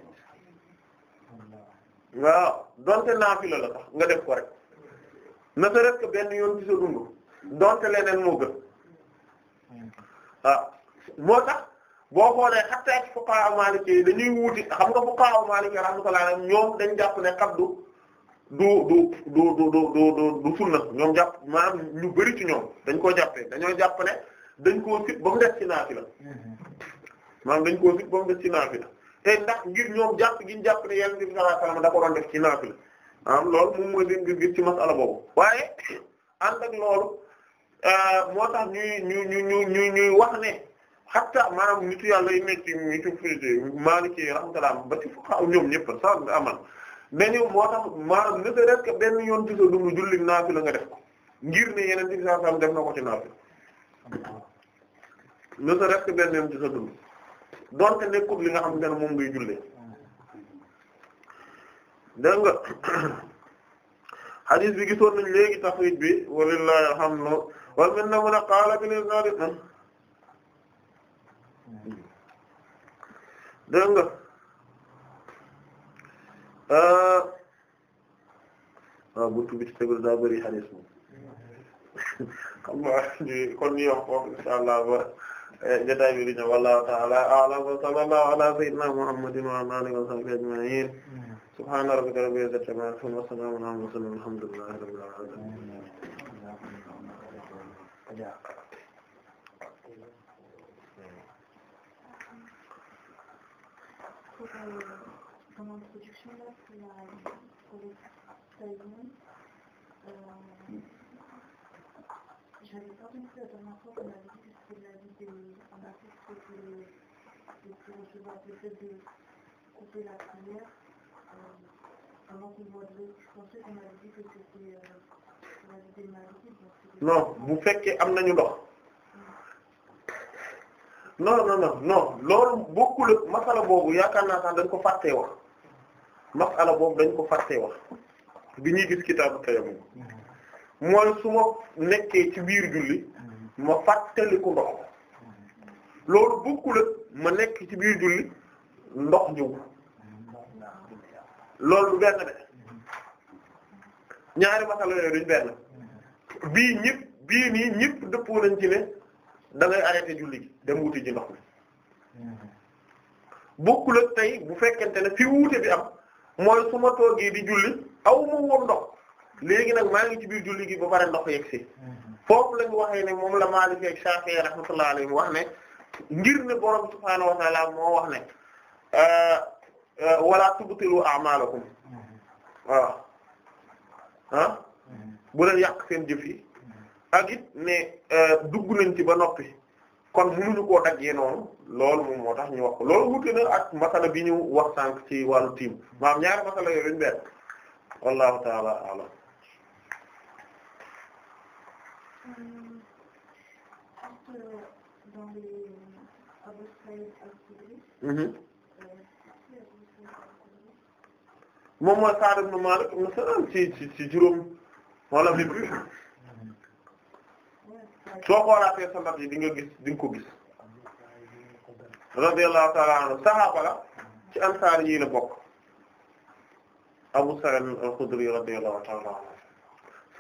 waaw donte naafila la sax nga def ko rek na sa benn yoon ci sa dund donte leneen moo gën ah moo tax boo xoolee xataa ci fuqaha maliki dañuy wuti xam nga fuqaha maliki rahmatullah ñoom dañ jàpp ne xaddu du du du du du du du sunna ñoom jàpp maanaam ñu bari ci ñoom dañ koo jàppee dañoo jàpp ne dañ koo fit ba mu def ci naafila mm-hmm. maanaam dañ koo sit ba mu def ci naafila te ndax ngir ñoom jàpp gi ñu jàpp ne yonent bi sallallahu alayhi wasallam da ko doon def ci naafila maanaam loolu moom mooy seen gis-gis ci masala waaye ànd ak euh, moo tax ñu ñu wax ne xatta maanaam nitu ci nitu Maliki rahmatullah ba ci fuqaha ñoom ñëpp sax nga amal dañu moo tax maanaam ne benn yoon ci sa dund julli naafila nga def ko ngir ne bi sallallahu alayhi wasallam def na ko ci naafila ne rek benn yoon ci sa dund. doonte nekkul li nga xam ne moom ngay jullee dégg nga hadith bi gisoon nañ léegi taxriij bi walillahi alhamdu wal minna mun a qaala bil isnaad dégg nga euh, waaw buntu bi ci daa bëri hadith moom xam nga kon ñu wax foofu inshallah jotaay bi di ñëw wallahu ta'ala a'lam wa sallallahu ala sayyidina muhammadin wa ala alihi wa sahbihi ajma'in subhana rabbika rabbil izzati amma yasifun wa salamun ala mursalin walhamdulillahi rabbil alamin comment production là pour la pour les Taïwan. Euh, j'avais pas pensé la dernière fois qu'on avait dit c'est Non, bu fekkee am nañu ndox. non non non loolu bokkul ak masala boobu yaakaar naa sax dañ ko fàttee wax masala boobu dañ ko fàttee wax bi ñuy gis kitaabu tayammum mooy su ma nekkee ci biir julli ma fàttaliku ndox loolu bokkul ak ma nekk ci biir julli ndox ñëw loolu benn de ñaari masala yooyu duñ benn bii ñépp bii nii ñëpp dëppoo nañ ci ne da ngay arrêté julli gi dem wuti ji ndox mi bokkul ak tey bu fekkente ne fi wuute bi am mooy su ma toogee di julli aw ma woon ndox léegi nag maa ngi ci biir julli gi ba pare ndox yegg si. foofu lañu waxee ne moom la Maalik ak Shaafi'i rahmatullahi alayhim wax ne ngir ne borom subhaanahu wa ta'aala moo wax ne wala tubtilu a'maalakum waaw ah bu leen yàq seen jëf yi ne dugg nañ ci ba noppi kon mënuñu koo daggee noonu loolu moom moo tax ñu wax ko loolu wute na ak masala bi ñu wax sànq ci wàllu tiim maam ñaari masala yooyu ñu benn wallahu ta'aala a'lam Mm-hmm. moom mooy Sa'd ibn Malik ibn Sinan ci ci ci juróom wala bi plus soo xoolaatee sanad yi di nga gis di nga ko gis radiyallahu ta'ala anhu sahaaba la ci ansaar yi la Abu Sa'id al-Khudri radiyallahu ta'ala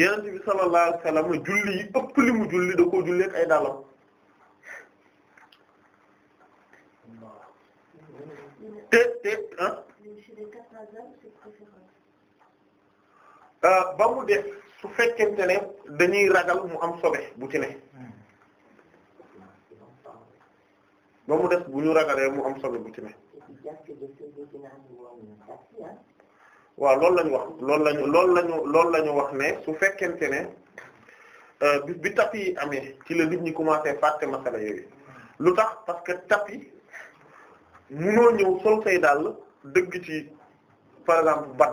yenente bi sallallahu alayhi wasallam julli yi ëpp li mu julli da koo julleeg ay dàllam te te ah euh, ba mu def su fekkente ne dañuy ragal mu am sobe bu ci ne ba mu def bu ñu ragalee mu am sobe bu ti ne waaw loolu la ñu wax loolu la loolu lañu loolu la ñu wax ne su fekkente ne euh, bis bi tap yi amee ci la nit ñi commencé fàtte masala yooyu lu tax parce que tap yi munoo ñëw sol say dàll dëgg ci par exemple ban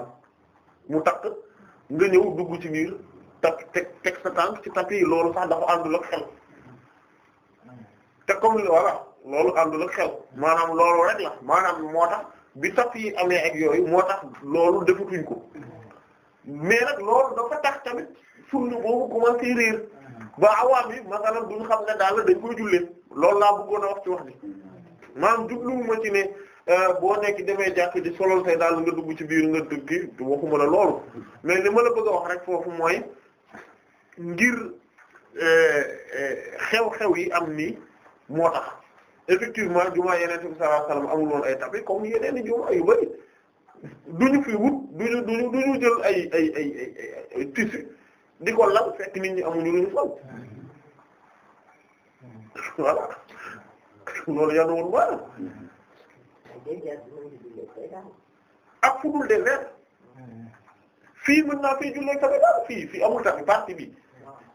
mu takk nga ñëw dugg ci biir tap teg teg sa tànk ci tap yi loolu sax dafa àndul ak xel te comme voilà loolu àndul ak xel maanaam loolu rek la maanaam moo tax. bi saf yi amee ak yooyu moo tax loolu defatuñ ko mais nag loolu dafa tax tamit sunna boobu commencé réer ba awaam yi masalan duñ xam ne daal dañ koy jullee loolu laa bëggoon a wax ci wax ni maanaam jubluwuma ci ne euh, boo nekk demee jàkk di solol say daal nga dugg ci biir nga dugg kii waxuma la loolu mais li ma la bëgg a wax rek foofu mooy ngir euh, euh, xew-xew yi am nii moo tax effectivement jumaa yenente bi sallallahu alayhi wasallam amul woon ay tabe comme yeneen i jumaa yu bari duñu fi wut duñu duñu duñu jël ay ay ay tissu di ko lal fekk nit ñi amuñu luñu sol voilà loolu yàlla woon waaw ak fu dul désert fii mën naa fee jullee samay daal fii fii amul tapi partie bi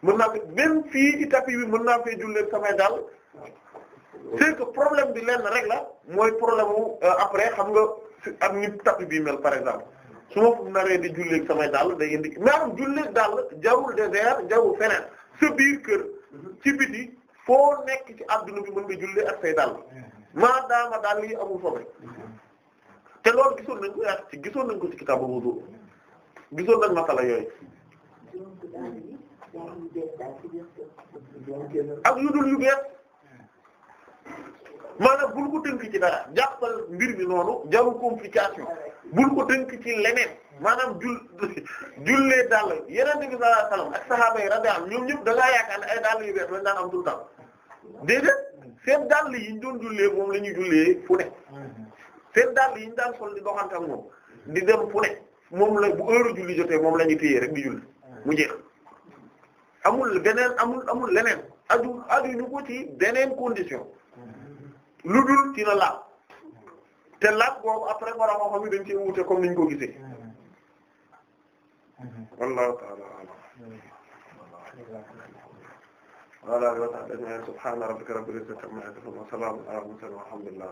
mën naa fi même fii ci tapi bi mën naa fee jullee samay daal c'est que problème bi lenn rek la mooy problème wu euh, après xam nga ak nit tapis bii mel par exemple su ma fu naree di julleeg samay dàll day indi maanaam julleeg dàll jarul désert jarul feneen sa biir kër ci biti foo nekk ci adduna bi mën nga jullee ak say dàll maa daama daal yi amul sobe te loolu gisoon nañ ko yaa ci gisoon nañ ko ci kitaabu wudu gisoon nañ masala yooyu ak yu dul yu bees maanaam bul ko tënk ci dara jàppal mbir bi noonu jaru complication bul ko tënk ci leneen maanaam jul jullee dàll yeneen bi sallallahu alayhi wasallam ak sahaaba yi radiyallahu ñoom ñëpp da ngaa yaakaar ne ay dàll yu bees lañ daan am tout le temps déedéet seen dàll yi ñu doon jullee moom la ñuy jullee fu ne seen dàll yi ñu daan sol di doxante ak moom di dem fu ne moom la buggo heure julli jotee moom la ñu téye rek di julli mu jeex amul beneen amul amul leneen aju aju ñu ko ci beneen condition lu dul ci la laab te laab boobu après borom xam-xam yi dañ ci wuute comme niñ ko gisee wallahu ta'ala a'lam wa ala subhana rabbika rabbil izzati amma yasifun wa salamun ala al mursalin walhamdulillah